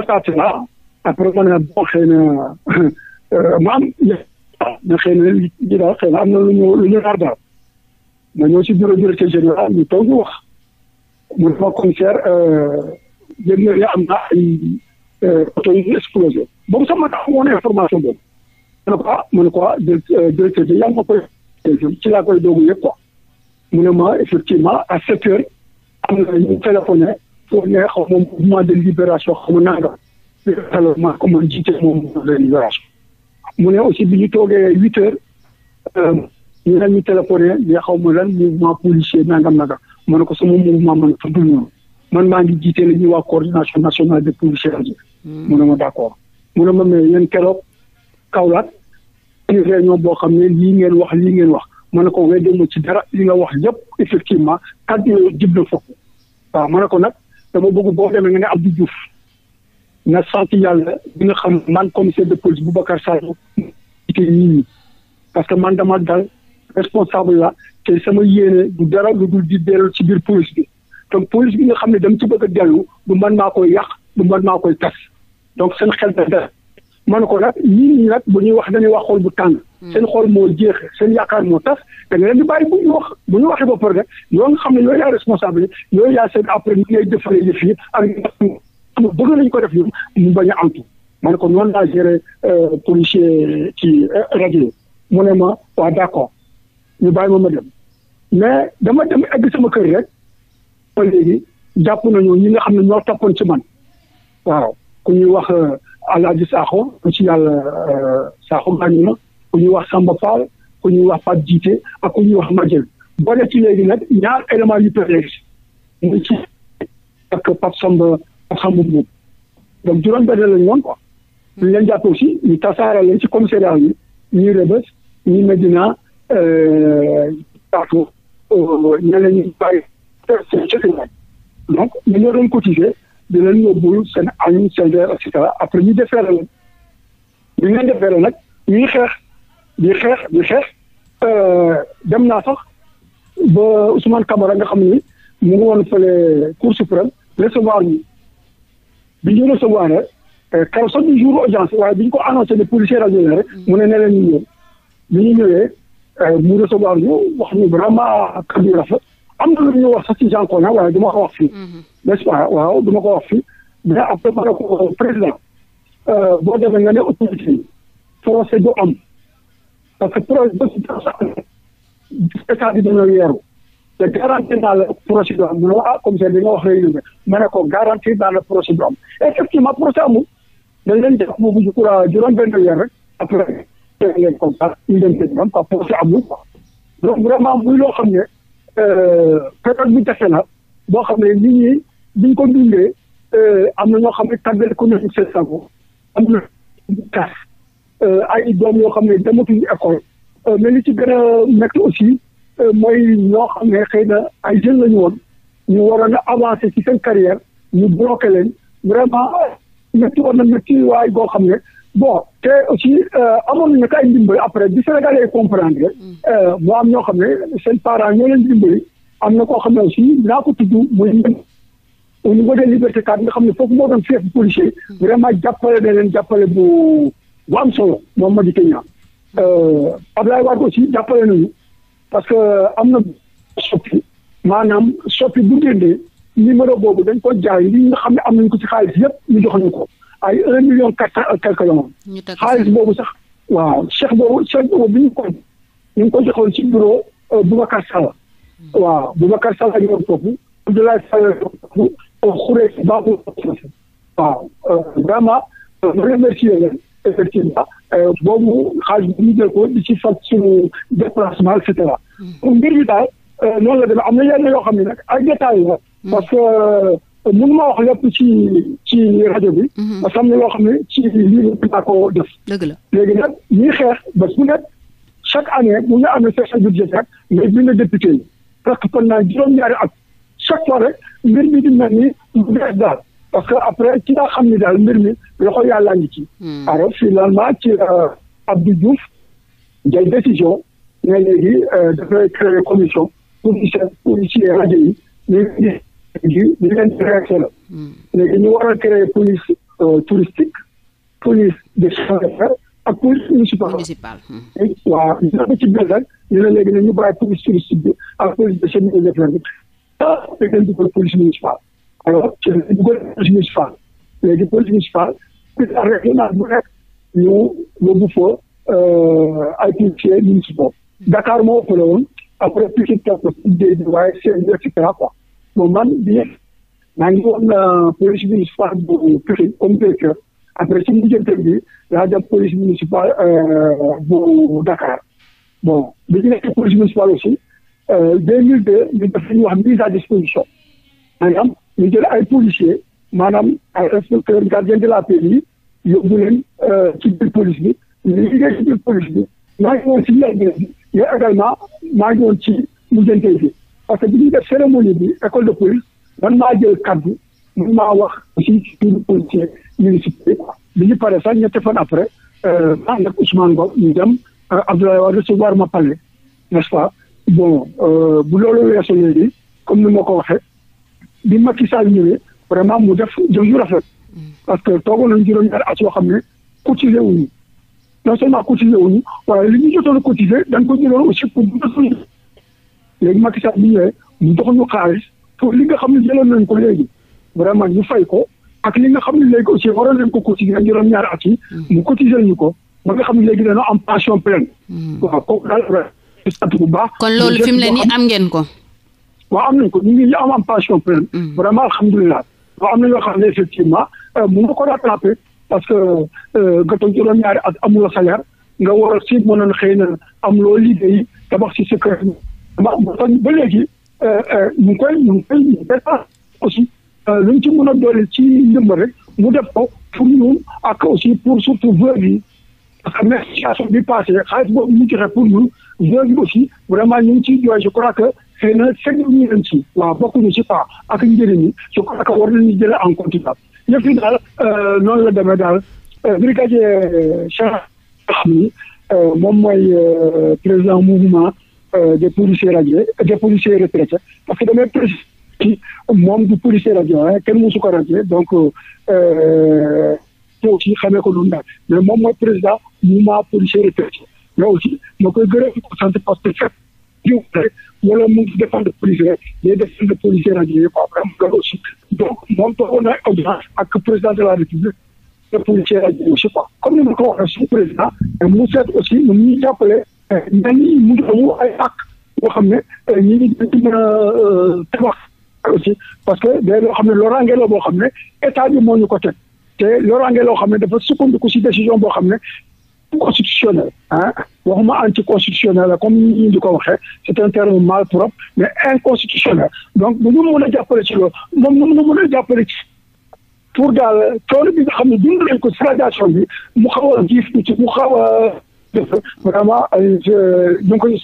station après ma ne bon xëy na am na xëy na ji daal xëy na am na lu ñu lu ñu raar ma ñëw si bureau directeur général ñu toog ñu wax mu ne ma commissaire am na ay oto yu explosé boobu sax ma tax woon information boobu mu ne ko ah ma ne ko ah directeur bi yaa ma koy ci laa koy doogu yëpp quoi mu ne ma effectivement à sept am na ñu téléphoné pour ne xaw ma mouvement de libération xaw ma nangam alors maa ko man jiite moom mouvement de libération mu ne aussi bi ñu toogee huit heures euh, ñu ne xaw ma lan mouvement policier nangam nangam ma ne ko sama mouvement man tuddul noonu man maa ngi jiite la ñuy waa coordination nationale des policiers rajo. Hmm. mu ma d' accord mu ma mais yéen keroog Kaolack une réunion boo xam ne lii ngeen wax lii ngeen wax ma ne ko nga demoo ci dara li nga wax yëpp effectivement kàddu yooyu waaw ma ne ko nag. dama bëgg boo demee nga ne Abdou Diouf na sant yàlla bi nga xam man commissaire de police Boubacar Sall te nit parce que man dama dal responsable la te sama yéene du dara lu dul di dellu ci biir police bi donc police bi nga xam ne dam ci bëgg a dellu du man maa koy yàq du man maa koy tas donc seen xel da man ko nag ñii ñi nag bu ñuy wax dañuy wax xol bu tàng. Hmm. seen xol moo jeex seen yaakaar moo tax da nga leen di bàyyi bu ñu wax bu ñu waxee ba pare nag xam ne yooyu yaa responsable yooyu yaa seen après ni ngay defaree yëf yi ak ñi nga ko def ñoom ñu bañ a antu man ko noonu laa géré euh, policier ci euh, rajo mu ne ma waa d'accord ñu bàyyi ma ma dem mais dama dem egg sama kër rek ma léegi jàpp nañu ñi nga xam ne ñoo toppoon ci man waaw. ko ñuy wax Alaaji saako ku ci yàlla Sakho gaañu na ku ñuy wax Samba Fall ku ñuy wax Pape Djité ak ku ñuy wax Madiène boo def ci léegi nag ñaar élément yu péré muy ci ak Pape Samba Pape Samba Mboup donc juróom-benn lañ woon quoi. ñu leen jàpp aussi ñu tasaare leen ci commissariat yi ñuy Rebeuss ñuy Médina taatu ñeneen ñi bàyyi donc di leen yóbbul seen añ seen reer et cetera après ñu defeere leen bi ñu leen defeere nag ñuy xeex di xeex xeex euh, dem naa sax ba Ousmane Camara nga xam ni mu ngi woon fële Cour suprême recevoir ñu bi ñu recevoir euh, keroog sax du jour audience waaye bi ñu ko annoncé ne policier la ñu mu ne ne leen ñu ñëw bi ñu ñëwee euh, mu recevoir ñu wax ñu vraiment kaddu rafet am na lu ñu wax sa ci Jean Collin waaye du ma ko wax fi mhm. nest waaw du ko wax fii mais après ma ne ko euh, président euh, boo demee nga ne autorité yi procès am parce que projet ba si tax état bi dina yeeru te garanti naa la procès du am mu ne waa ah, commissaire bi nga wax réunion bi ma ne ko garanti naa la am effectivement procès amul dañ leen def mu mujj kura euh, juróom benn weer rek après leen comme ça ñu dem seen yoon quoi procès amul quoi donc vraiment muy loo ne Euh, période bi jafe na boo xam ne ni ñi biñ ko dundee euh, am na ñoo xam ne tardé ko nañu seen sago am na tax euh, ay doom yoo xam ne dematuñu école mais li ci gën a métti aussi mooy ñoo xam ne xëy na ay jën lañu woon ñu waroon a avancer ci seen carrière ñu bloqué leen vraiment métti woon na métti waay boo xam ne bon te aussi euh, amoon na kay ndimbali après bi Sénégalais comprendre euh, mu am ñoo xam ne seen parent ñoo leen dimbali am na koo xam ne aussi naa ko tudd muy au niveau de liberté cadre nga xam ne foofu moo doon chef policier vraiment jàppale na leen jàppale boo bu am solo moom ma Madi Kenya Abdoulaye Wade aussi jàppale nañu parce que euh, am na soppi maanaam soppi bu génnee numéro boobu dañ ko jaay li nga xam ne am nañ ko ci xaalis yëpp ñu jox ko ay un million quatre cent et quelque la moom. xaalis boobu sax waaw chèque boobu chèque boobu bi ñu ko ñu ngi ko joxoon ci bureau euh, Boubacar Sall. Hmm. waaw Boubacar Sall ak yow foofu. Abdoulaye Sall foofu xuree si baaxul waaw euh, vraiment euh, remercier leen effectivement boobu xaalis bi ñu jël ko di ci fat suñu déplacement et cetera. Hmm. mbir mi daal noonu la demee am na yenn yoo xam ne nag ay détails la hmm. parce que. mënu ma wax lépp ci ci rajo bi. Mhm. parce que am na loo xam ne ci lii la dinaa ko def. dëgg la léegi nag ñuy xeex ba su nekk chaque année bu ñu amee session budgétaire mais bind député yi presque pendant juróom-ñaari at chaque fois rek mbir mi di mel ni mu bees daal parce que après ci nga xam ni daal mbir mi loxo yàlla ngi ci. Hmm. alors finalement ci euh, Abdou Diouf jël décision ne léegi euh, dafay créer commission pour ñu seet pour ñu ci rajo yi. léegi li leen di la hmm. léegi ñu war a créer police euh, touristique police de chemin de fer ak police municipale waaw hmm. dina ko ci biir nag ñu ne léegi ne ñu bàyyi police touristique bi ak police de chemin de fer bi ah léegi leen dugal police municipale alors ci dugal police municipale léegi police municipale police régionale bu nekk ñu yóbbu fa euh, ay policiers municipaux hmm. Dakar moo ëppale woon après Pikine waaye seen et cetera quoi bon man bien maa ngi woon euh, police municipale bu Pikine comme directeur après si mujjante bi laa dem police municipale euh, bu Dakar bon bi ñu nekk police municipale aussi euh, deux mille deux ñu def li ñuy wax mise à disposition maanaam ñu jël ay policiers maanaam ay inspecteurs gardien de la paix yi yóbbu leen ci bi ñu liggéey ci biir police bi maa ngi woon si yàlla bi mais également maa ngi woon ci mujjante bi. parce que bi ñuy def cérémonie bi école de police man maa jël kaddu man maa wax aussi ci turu bi ñu pare sax ñetti fan après euh, maa nag Ousmane Ngom ñu dem euh, Abdoulaye Wade recevoir ma palais n'est-ce pas bon euh, bu loolu weesoo léegi comme ni ma ko waxee bi Macky Sall ñëwee vraiment mu def jëf yu rafet parce que toogoon nañu juróom-ñaari at yoo xam ne cotisé wuñu non seulement cotisé wuñu waaye li ñu jotoon cotisé dañ ko jëloon aussi pour léegi Macky Sall bi ñëwee mu jox ñu xaalis pour li nga xam ne jëloon nañ ko léegi vraiment ñu fay ko ak li nga xam ne léegi aussi waroon nañ ko cotiser juróom-ñaari at yi mu cotiser ñu ko ba nga xam ne léegi o am pension pleine hmm. waaw kooku daal bu baax kon loolu fi mu ne am ngeen ko waa am nañ ko ñu ngi am am pension pleine hmm. vraiment alhamdulilah waaw am na yoo xam ne effectivement euh, mu nga ko rattrapé parce que nga euh, toog juróom-ñaari at amula salaire nga war a si mënoon xëy na am loo liggéey tabax si sa kër ba ba léegi euh, euh, ñu ngi koy ñu ngi koy ñu ngi koy aussi euh, lu ñu ci mën a doole ci ndimbal rek mu def ko pour ñun ak aussi pour surtout veuve yi parce que même situation bi passé xaalis boobu mu joxe pour ñun veuve yi aussi vraiment ñu ngi ciy jooy je crois que xëy na seglu ñu leen si waaw bokkuñu si pas ak njëriñ yi je crois que war nañu jëlee en compte daal yëf yi daal noonu la demee daal brigadier Cheikh xam ni moom mooy président mouvement Euh, des policiers radiés des policiers retraités parce que damay préciser ci moom du policier radié waaye kenn mosu ko radié donc te euh, euh, aussi xamee ko noonu daal mais moom mooy président mouvement maa retraité mais aussi ma koy gërëm ko sant parce que fekk wala mu ngi défendre police rek day défendre policier radié quoi vraiment loolu aussi donc moom toogoon na audience ak président de la république de policier radié aussi quoi comme ni ma ko waxee suñu président mu seet aussi nu mu ñuy ñenn ñi mu ngi amul ay pàcc boo xam ne euh, ñi ngi dañ ci euh, parce que day loo xam ne loo la boo xam ne état bi moo ñu ko te loraange loo xam ne dafa sukkandiku si décision boo xam ne constitutionnel ah waxuma anticonstitutionnel la comme ñi di ko waxee c'est un terme mal propre mais inconstitutionnel donc bu ñu mën a jàppale ci moom nu mu mën a jàppale ci pour daal coono bi nga xam ne dund nañ ko si radiation bi mu xaw a giif ci mu xaw a def vraiment euh, ñu ngi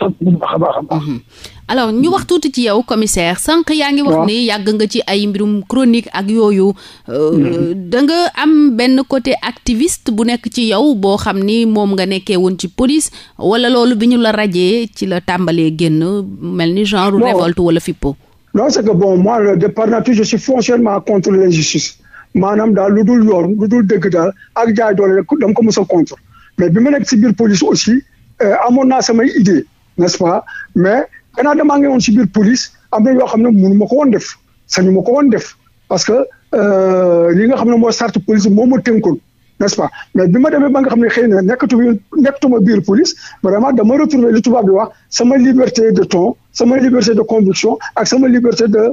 mhm. ñu wax tuuti ci yow commissaire sànq yaa ngi wax ni yàgg nga ci ay mbirum cronique ak yooyu euh, mhm. da nga am benn côté activiste bu nekk ci yow boo xam ni moom nga nekkee woon ci police wala loolu bi ñu la rajee ci la tàmbalee génn mel ni genre révolte wala fippo non c'est que bon moi de par nature je suis foncièrement contre l'injustice maanaam daal lu dul yoon lu dul dëgg daal ak jaay doole dama ko mos contre mais bi ma nekk si biir police aussi euh, amoon naa samay idée n'est-ce pas mais gannaaw damaa ngi woon si biir police am na yoo xam ne mënu ma ko woon def sañu ma ko woon def parce que euh, li nga xam ne moo charte police moo ma tënkoon n'est-ce pas mais bi ma demee ba nga xam ne xëy na nekkatu nekkatuma biir police vraiment dama retrouver li tubaab bi wax sama liberté de ton sama liberté de conviction ak sama liberté de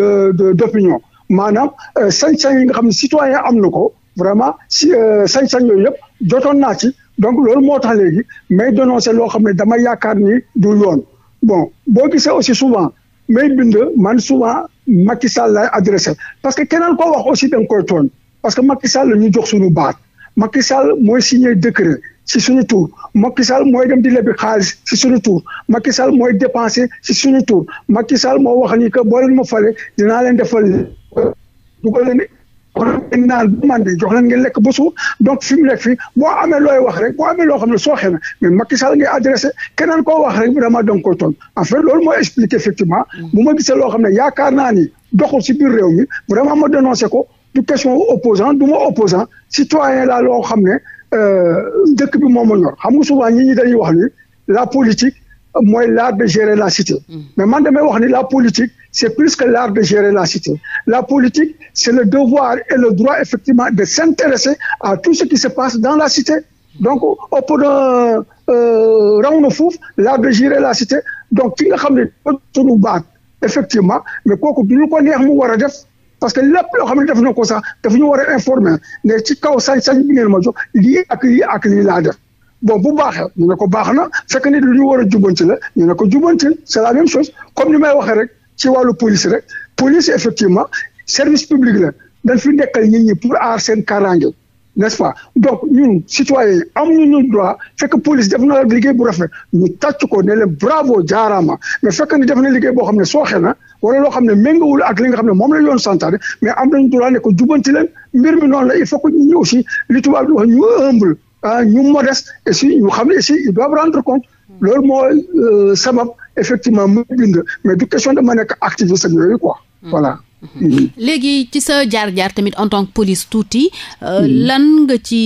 de de d'opinion maanaam euh, sañ-sañ yi nga xam ne citoyen am na ko vraiment si sañ-sañ yooyu yëpp jotoon naa ci donc loolu moo tax léegi may dénoncer loo xam ne dama yaakaar ni du yoon bon boo gisee aussi souvent may bind man souvent Macky Sall lay adressé parce que keneen koo wax aussi da nga koy tooñ parce que Macky Sall la jox sunu baat Macky Sall mooy signé décret si suñu tur Macky Sall mooy dem di lebi xaalis si suñu tur Macky Sall mooy dépensé si suñu tur Macky Sall moo wax ni que boo leen ma fale dinaa leen defal dugal leen wala ngeen naan bu mande jox leen ngeen lekk ba suuf donc fi mu nekk fi boo amee looy wax rek boo amee loo xam ne soo xamee mais Macky Sall ngay adressé keneen koo wax rek vraiment da nga koy loolu mooy expliqué effectivement mm. ma gisee loo xam ne yaakaar naa ni si biir réew mi vraiment ma dénoncé ko du question opposant du ma opposant citoyen laa loo xam ne euh, dëkk bi moom ma ñor xam nga souvent ñi ñi dañuy wax ni la politique euh, mooy l'art de la cité mm. mais man damay wax ni la politique c'est plus que l'art de gérer la cité. La politique, c'est le devoir et le droit, effectivement, de s'intéresser à tout ce qui se passe dans la cité. donc ëpp na raw na foofu l'art de gérer la cité donc ki nga xam ne sunu baat effectivement mais kooku du ñu ko neex mu war a def parce que lépp loo xam ne def na ko sax daf ñu war a informer ne ci kaw sañ-sañ bi ngeen ma jox lii ak lii ak lii laa def bon bu baaxee ñu ne ko baax na fekk ni lu ñu war a ñu ne ko jubanti c'est la même chose comme ni may waxee rek ci wàllu police rek police effectivement service public la dañ fi nekkal nit ñi pour aar seen kaaraange n'est-ce pas donc ñun citoyens yi am nañu droit fekk police def na liggéey bu rafet ñu tàcc ko ne leen bravo jaaraama mais fekk ne def na liggéey boo xam ne soo sooxe na wala loo xam ne méngawul ak li nga xam ne moom la yoon santaane mais am nañu droit ne ko jubanti leen mbir mi noonu la il faut que ñu li tubaab di wax ñu humble ah, ñu modeste et si ñu xam ne aussi ils doivent rendre compte loolu moo euh, sabab effectivement mu bind mais du question dama nekk activiste ak yooyu quoi mm-hmm. voilà mm-hmm. Mm-hmm. léegi ci sa jaar-jaar tamit en tant que police tuuti euh, lan nga ci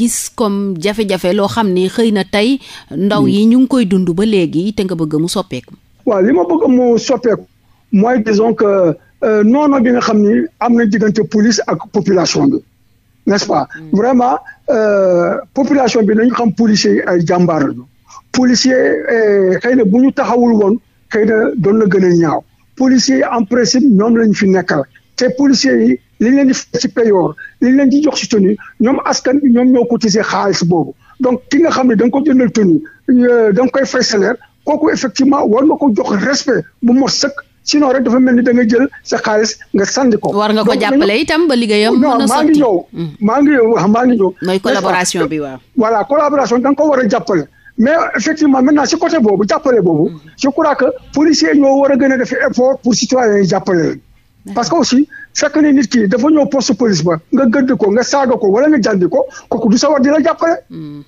gis comme jafe-jafe loo xam ni xëy na tey ndaw yi ñu ngi koy dund ba léegi te nga bëgg mu soppeeku waaw li ma bëgg mu soppeeku mooy disons que euh, noonu bi nga xam ni am na diggante police ak population bi n'est-ce pas vraiment population bi nañu xam policiers yi ay jàmbaar lañu policier eh, xëy na bu ñu taxawul woon xëy na doon na gën a ñaaw policier yi en principe ñoom lañu fi nekkal te policier yi liñ leen di ci payoor liñ leen di jox si tenue ñoom askan bi ñoom ñoo cotisé xaalis boobu donc ki nga xam ne da nga ko jëndal tenue euh, da nga koy fay salaire kooku effectivement war nga ko jox respect bu mot sëkk sinon rek dafa mel ni da nga jël sa xaalis nga sànni ko. war nga ko jàppale itam ba liggéeyam. mën a sotti maa ngi ñëw mm. maa ngi ñëw maa ngi ñëw. mooy collaboration bi waaw. voilà da nga ko war a jàppale. mais effectivement maintenant si côté boobu jàppale boobu mm-hmm. je crois que policiers ñoo war a gën a def effort pour citoyens yi jàppale leen parce que aussi fekk ne nit ki dafa ñëw poste police ba nga gëdd ko nga saaga ko wala nga jàndi ko kooku du sawar di la jàppale mm.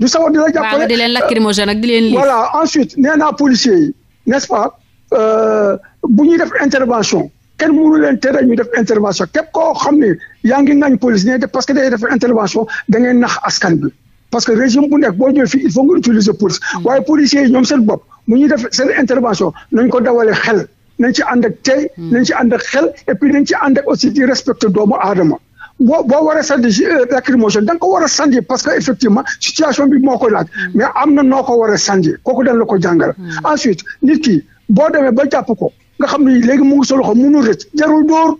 du sawar di la jàppale waaw di di leen lii voilà ensuite nee naa policiers yi n'est-ce pas euh, bu ñuy def intervention kenn mënu leen tere ñu def intervention képp koo xam ne yaa ngi ngañ police parce que day def intervention da ngay nax askan bi parce que régime bu nekk boo ñëwee fii il faut nga utiliser police mm. waaye policiers yi ñoom seen bopp mu ñuy def seen intervention nañ ko dawale xel nañ ci ànd ak mm. nañ ci ànd ak xel et puis nañ ci ànd ak aussi di respecter doomu aadama boo boo war a sandi euh, lacrymogène da nga ko war a sandi parce que effectivement situation bi moo ko laaj mm. mais am na noo ko war a sandi kooku dañ la ko jàngal ensuite nit ki boo demee ba jàpp ko nga xam ne léegi mu solo sa loxo mënul rëcc jarul dóor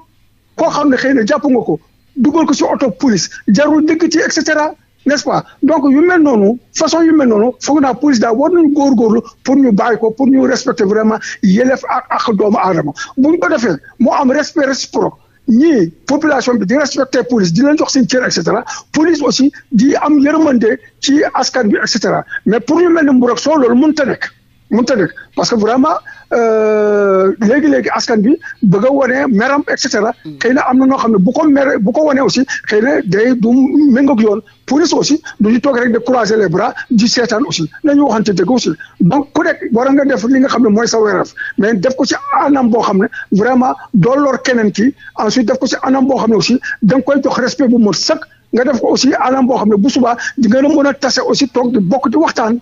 koo xam ne xëy na jàpp nga ko dugal ko ci oto police jarul dëkk ci et cetera n'est-ce pas donc yu mel noonu façon yu mel noonu foog naa président war nañu góorgóorlu pour ñu bàyyi ko pour ñu respecter vraiment yelef ak ak doomu aadama bu ñu ko defee moo am respect réciproque ñii population bi di respecter police di leen jox si cër et cetera police aussi di am yërmande ci askan bi et cetera mais pour ñu mel ni Mburok soo loolu mënut a nekk mënut parce que vraiment. Euh, léegi léegi askan bi bëgg a wane meram et cetera. Mm. xëy na am na noo xam ne bu ko mere bu ko wane aussi xëy na day du méngoog yoon police aussi du ñu toog rek de croiser les bras di seetaan aussi ñu waxante dëgg aussi donc ku nekk war nga def li nga xam ne mooy sa weeraf mais def ko ci anam boo xam ne vraiment dooloor keneen kii ensuite def ko ci anam boo xam ne aussi da koy jox respect bu mot sëkk nga def ko aussi anam boo xam ne bu subaa di nga mën a tase aussi toog bokk di waxtaan.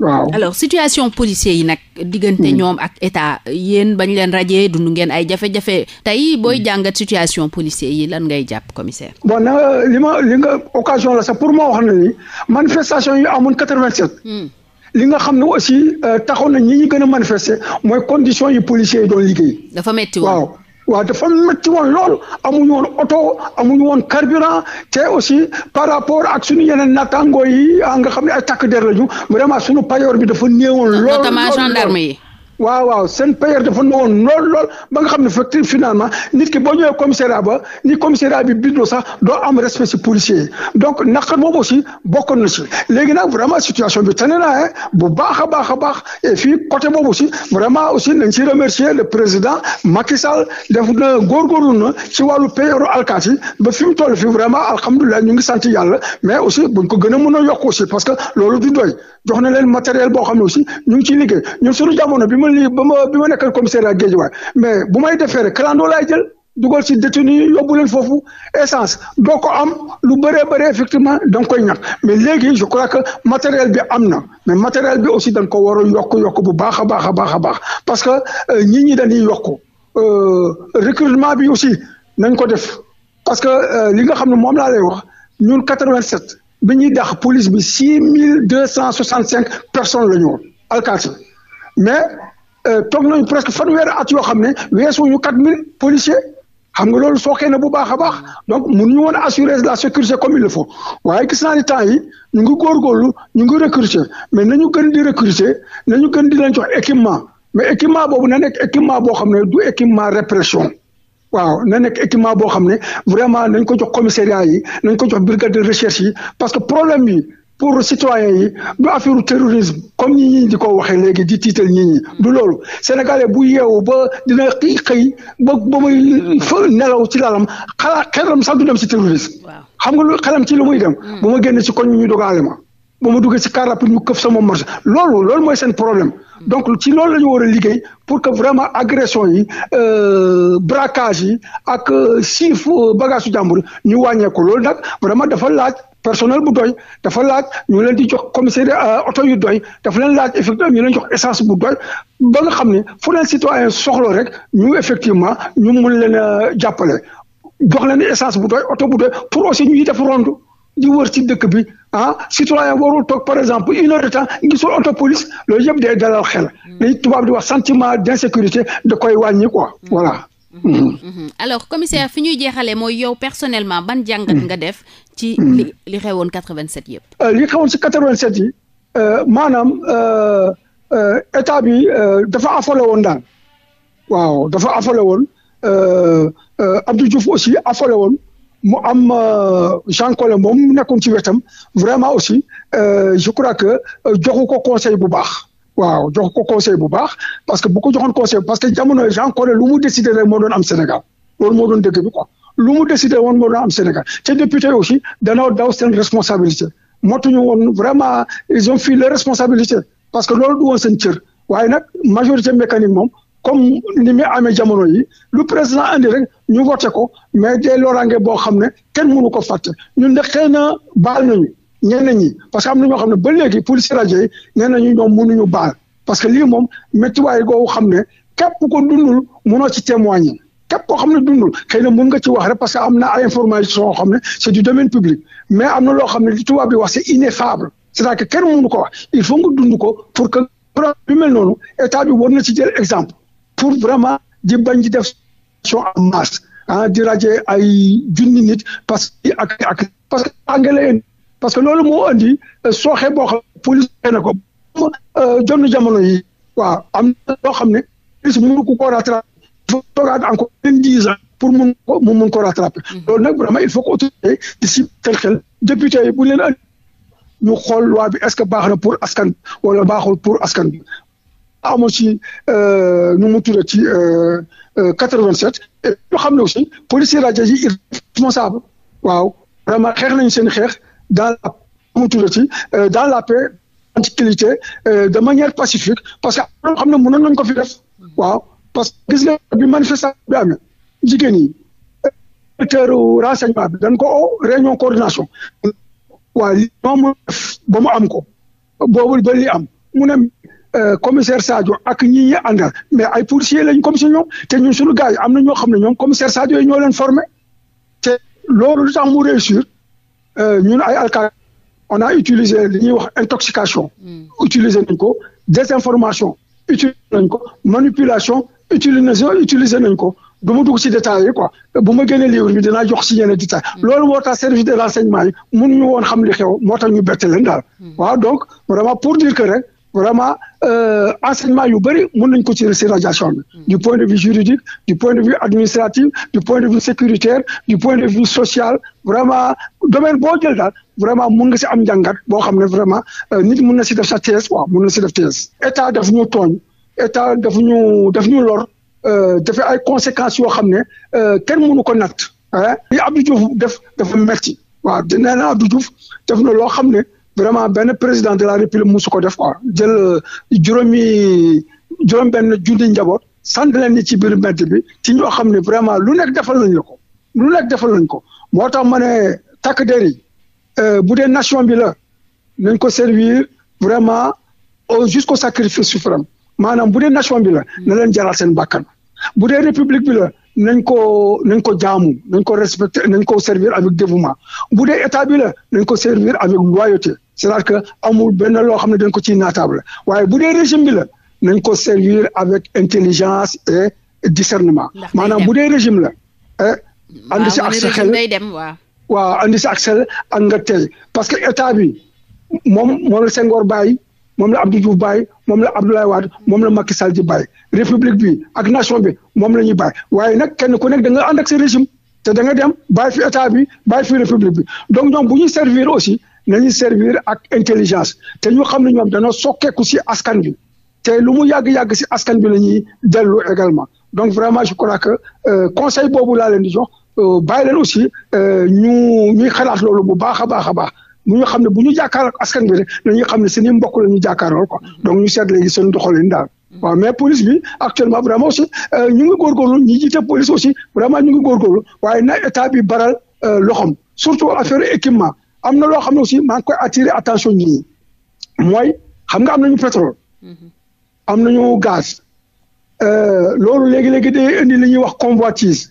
waaw alors situation policier yi nag diggante hmm. ñoom ak état yéen bañ leen rajee dund ngeen ay jafe-jafe tey booy hmm. jàngat situation policier yi lan ngay jàpp commissaire bon na li ma li nga occasion la sax pour moo wax na ni manifestation yu amoon quatre-vingt-sept hmm. li nga xam ne aussi euh, taxaw na ñi ñu gën a manifester mooy condition yi policiers yi doon liggéey dafa metti waaw waaw dafa métti woon lool amuñu woon oto amuñu woon carburant te aussi par rapport ak suñu yeneen naataangoo yi ah, nga xam ne ay takk der la lañu vraiment suñu payoor bi dafa néewoon. lool notamment gendarme yi. waaw waaw seen payeur dafa na woon lool lool ba nga xam ne fekk finalement nit ki boo ñëwee commissariat ba ni commissariat bi bindoo sax doo am respect si policier donc naqar boobu aussi bokkoon na si léegi nag vraiment situation bi tane naa bu baax a baax a baax et fii côté boobu aussi vraiment aussi nañ si remercier le président Macky def def na góorgóorlu na si wàllu payeuru alkaat yi ba fi mu toll fii vraiment alhamdulilah ñu ngi sant yàlla mais aussi buñ ko gën a mën a yokk aussi parce que loolu du doy jox na leen matériel boo xam ne aussi ñu ngi ciy liggéey lii ba ma bi ma nekkoon commissariat Guédiawaye mais bu may defeere clando laay jël dugal ci détenu yi yóbbu leen foofu essence doo ko am lu bëree bëree effectivement da nga koy mais léegi je crois que matériel bi am na mais matériel bi aussi dañ ko war a yokk yokk bu baax baax a baax a baax parce que ñi euh, ñi dañuy yokk euh, recrutement bi aussi nañ ko def parce que euh, li nga xam ne moom laa lay wax ñun 87 bi ñuy dàq police bi 6265 personnes la ñu woon alkaati mais Euh, toog nañ presque fanweeri at yoo xam ne weesuñu quatre mille policiers xam nga loolu sookee na bu baax a baax donc mënuñu woon assurer la sécurité comme il le faut waaye gis naa ni temps yi ñu ngi góorgóorlu ñu ngi recruter mais nañu gën di recruter nañu gën di leen jox équipement mais équipement boobu na nekk équipement boo xam ne du équipement répression waaw na nekk équipement boo xam ne vraiment nañ ko jox commissariat yi nañ ko jox brigade de recherche yi parce que problème yi pour citoyens yi du affaire terrorisme comme ñi ñi di ko waxee léegi di tiital ñi ñi du loolu sénégalais bu yeewu ba dina xëy xëy ba ba muy nelaw ci lalam xalaat xelam sax du dem ci terrorisme xam nga lu xelam ci lu muy dem hmm. ba ma génn ci koñ ñu dogaale ma ba ma duggee ci car rapide ñu këf sama marché loolu loolu mooy seen problème hmm. donc ci loolu lañu ñu liggéey pour que vraiment agression yi euh, braquage yi ak euh, siif euh, bagage su jàmbur ñu wàññeeku loolu nag vraiment dafa laaj personnel bu doy dafa laaj ñu leen di jox commissariat euh, oto yu doy dafa leen laaj effectivement ñu leen jox essence bu doy ba nga xam ne fu leen citoyen soxla rek ñu effectivement ñu mun leen jàppale jox leen essence bu doy oto bu doy pour aussi ñu ñuy def ronde di wër ci dëkk bi ah citoyen warul toog par exemple une heure de temps gisul auto police loolu yëpp day dalal xel. Mm. li tubaab di wax sentiment d'insécurité da koy wàññi quoi mm. voilà. Mm-hmm. Mm-hmm. alors commissaire fi ñuy jeexalee mooy yow personnellement ban jàngat mm-hmm. nga def. ci li li xewoon 87 yëpp. Euh, li xewoon si 87 yi euh, maanaam euh, état bi dafa affolé woon daal waaw dafa affolé woon Abdou Diouf aussi affolé woon mu am Jean Collin moom nekkoon ci wetam vraiment aussi je crois que joxu ko conseil bu baax. waaw jox ko conseil bu baax parce que bu ko joxoon conseil parce que jamono Jean Collé lu mu décidé rek moo doon am Sénégal loolu moo doon dëgg bi quoi lu mu décidé woon moo doon am Sénégal te député aussi danoo daw seen responsabilité motuñu woon vraiment ils ont le les parce que loolu du woon seen cër waaye nag majorité mécanique moom comme ni mu amee jamono yi lu président andi rek ñu voté ko mais des loraange boo xam ne kenn mënu ko fàtte ñun de xëy na baal nañu. ñenn ñi parce que am na ñoo xam ne ba léegi policiers rajo yi nee nañu ñoom mënuñu baal parce que lii moom méttiwaay googu xam ne képp ko dundul mënoo ci témoigner képp koo xam ne dundul xëy na mën nga ci wax rek parce que am na ay information yoo xam ne c'est du domaine public mais am na loo xam ne li tubaab bi wax c'est ineffable c'est-à-dire que kenn mënu ko il faut nga dund ko pour que problème bi mel noonu état bi war na ci jël exemple pour vraiment di bañ di def action en masse ah di rajo ay junni nit parce que ak ak parce que anglais parce que loolu moo andi euh, sooxe boo xam police na ko euh, jonn jamono yi waaw am loo xam ne police mënu ko koo pour mun ko mu mun ko mm-hmm. loolu nag vraiment il faut que autorité di tel xel député yi bu leen andi ñu xool loi bi est-ce que baax na pour askan wala baaxul pour askan bi amoon ci euh, nu mu tuddee quatre-vingt-sept ñu xam ne aussi policier rajo yi responsable waaw vraiment xeex nañu seen xeex dans la euh, dans la paix tranquillité euh, de manière pacifique parce que am xam ne mënoon nañu ko fi def waaw parce que gis nga bi manifestation bi amee jigéen yi directeur renseignement bi dañ ko o réunion coordination waaw li moom mu am ko boobu ba li am mu ne euh, commissaire Sadio ak ñi ñi àndal mais ay policiers lañ comme si ñoom te ñun suñu gars yi am na ñoo xam ne ñoom commissaire Sadio yi ñoo leen formé te loolu lu mu réussir Euh, ñun ay alkaati on a utilisé li ñuy wax intoxication. Hmm. utiliser nañ ko désinformation utiliser nañ ko manipulation utilisation utiliser nañ ko du ma dugg ci détails yi quoi bu ma génnee livre bi dinaa jox si yeneen détails hmm. loolu moo tax service de renseignement yi ñu woon xam li xew moo tax ñu bett leen daal. Hmm. waaw donc vraiment pour dire que rek. vraiment euh, enseignement yu bari mun nañ ko tirer si radiation bi mm. du point de vue juridique du point de vue administratif du point de vue sécuritaire du point de vue social vraiment domaine boo jël daal vraiment mun nga si am njàngat boo xam ne vraiment euh, nit mun na si def sa tes waaw mun na si def thèse état daf ñu tooñ état def ñu daf ñu lor euh, dafa ay conséquences yoo xam ne kenn mënu ko natt li Abdou Diouf def dafa metti waaw nee na Abdou Diouf def na loo xam ne vraiment benn président de la république musu ko def quoi jël euh, juróomi juróom benn junni njaboot sant leen ni ci biir mbedd bi ci ñoo xam ne vraiment lu nekk nañ la ko lu nekk defal nañ ko moo tax ma ne takk der yi euh, bu dee nation bi la nañ ko servir vraiment au jusqu'au sacrifice suprême maanaam bu dee nation bi la na leen jaral seen bàkkan bu dee république bi la nañ ko nañ ko jaamu nañ ko respecter nañ ko servir avec dévouement bu dee état bi la nañ ko servir avec loyauté cest parce que amul benn loo xam ne dañ ko ciy naatable waaye bu dee régime bi la nañ ko servir avec intelligence et discernement maanaam bu dee régime la eh, andi si ak sa xel waaw andi si ak sa ak nga parce que état bi moom moom sengoor baay moom la Abdou Diouf bàyyi moom la Abdoulaye Wade moom la Macky Sall di bàyyi république bi ak nation bi moom la ñuy bàyyi waaye nag kenn ku nekk da nga ànd ak sa régime te da nga dem bàyyi fi état bi bàyyi fi république bi donc ñoom bu ñu servir aussi nañuy servir ak intelligence te ñu xam ne ñoom dana sokkeeku si askan bi te lu mu yàgg-yàgg si askan bi la ñuy dellu également donc vraiment je crois que euh, conseil boobu laa leen di jox euh, bàyyi leen aussi euh, ñu ñuy xalaat loolu bu baax a baax a baax bu ñu xam ne bu ñu jàkkaarloo askan bi rek ñu xam ne seeni mbokk la ñu jàkkaarloo ko donc ñu seet léegi seen doxalin daal. waaw mais police bi actuellement vraiment aussi euh, ñu ngi góorgóorlu ñi jiite police aussi vraiment ñu ngi góorgóorlu waaye na état bi baral euh, loxoom surtout affaire équipement am na loo xam ne aussi maa ngi koy attirer attention ñi mooy xam nga am nañu pétrole. Mm-hmm. am na ñu gaz. Euh, loolu léegi léegi day indi li ñuy wax convoitise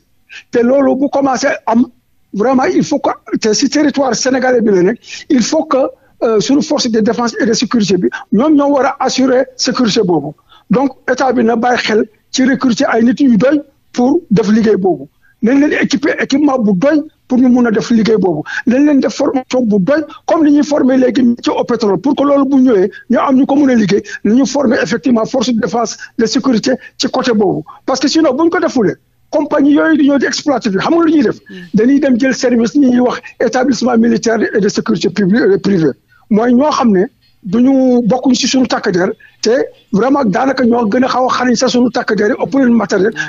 te loolu bu commencé am. vraiment il faut que te si territoire sénégalais bi la nekk il faut que euh, suñu force de défense et de sécurité bi ñoom ñoo war a assurer sécurité boobu donc état bi na bàyyi xel ci recruter ay nit yu doy pour def liggéey boobu nañ leen équiper équipement bu doy pour ñu mun a def liggéey boobu nañ leen def formation bu doy comme ni ñu former léegi ci au pétrole pour que loolu bu ñëwee ñu am ñu ko mun a liggéey ni ñu former effectivement force de défense de sécurité ci côté boobu parce que sinon bu ko defulee compagnie yooyu di ñëw di exploité bi xam nga lu ñuy def mm. dañuy dem jël service ñi ñuy wax établissement militaire et de sécurité publique euh, privée mooy ñoo xam ne ñu bokkuñ si suñu takk der te vraiment daanaka ñoo gën a xaw a xarañ sa suñu takk der ëpp leen mm.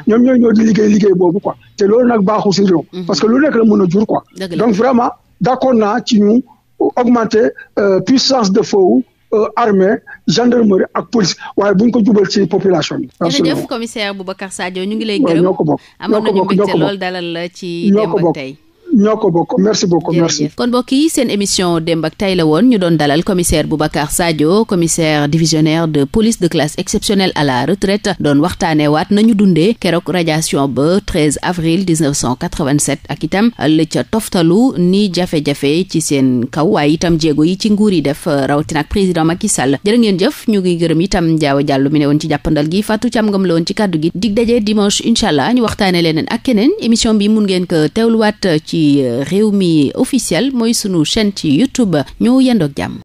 ñoom ñooy ñoo di liggéey liggéey boobu quoi te loolu nag baaxul si réew mm-hmm. parce que lu nekk la mën a jur quoi donc vraiment d'accord na ci ñu augmenter euh, puissance de feu Euh, armée gendarmerie ak police waaye bu ñu ko jubal ci population bi. jërëjëf commissaire Boubacar Sadio ñu ngi lay gërëm. ñoo ko bokk ñoo ko bokk amoon nañu mbégte lool ko la ci démb ak tey. ñoo ko bokk kon mbokk yi seen émission démb ak tay la woon ñu doon dalal commissaire Boubacar Sadio commissaire divisionnaire de police de classe exceptionnelle à la retraite doon waxtaanee waat nañu dundee keroog radiation ba 13 avril 1987 ak itam li ca toftalu ni jafe-jafe ci seen kaw waaye itam jéego yi ci nguur yi def rawatina ak président Macky Sall jërë ngeen jëf ñu ngi gërëm itam Ndiaw Diallo mi ne woon ci jàppandal gi Fatou Thiam Ngom la woon ci kàddu gi dig daje keneen émission bi mun ngeen ci réew mi officiel mooy sunu chaîne ci YouTube ñu yendoog jàmm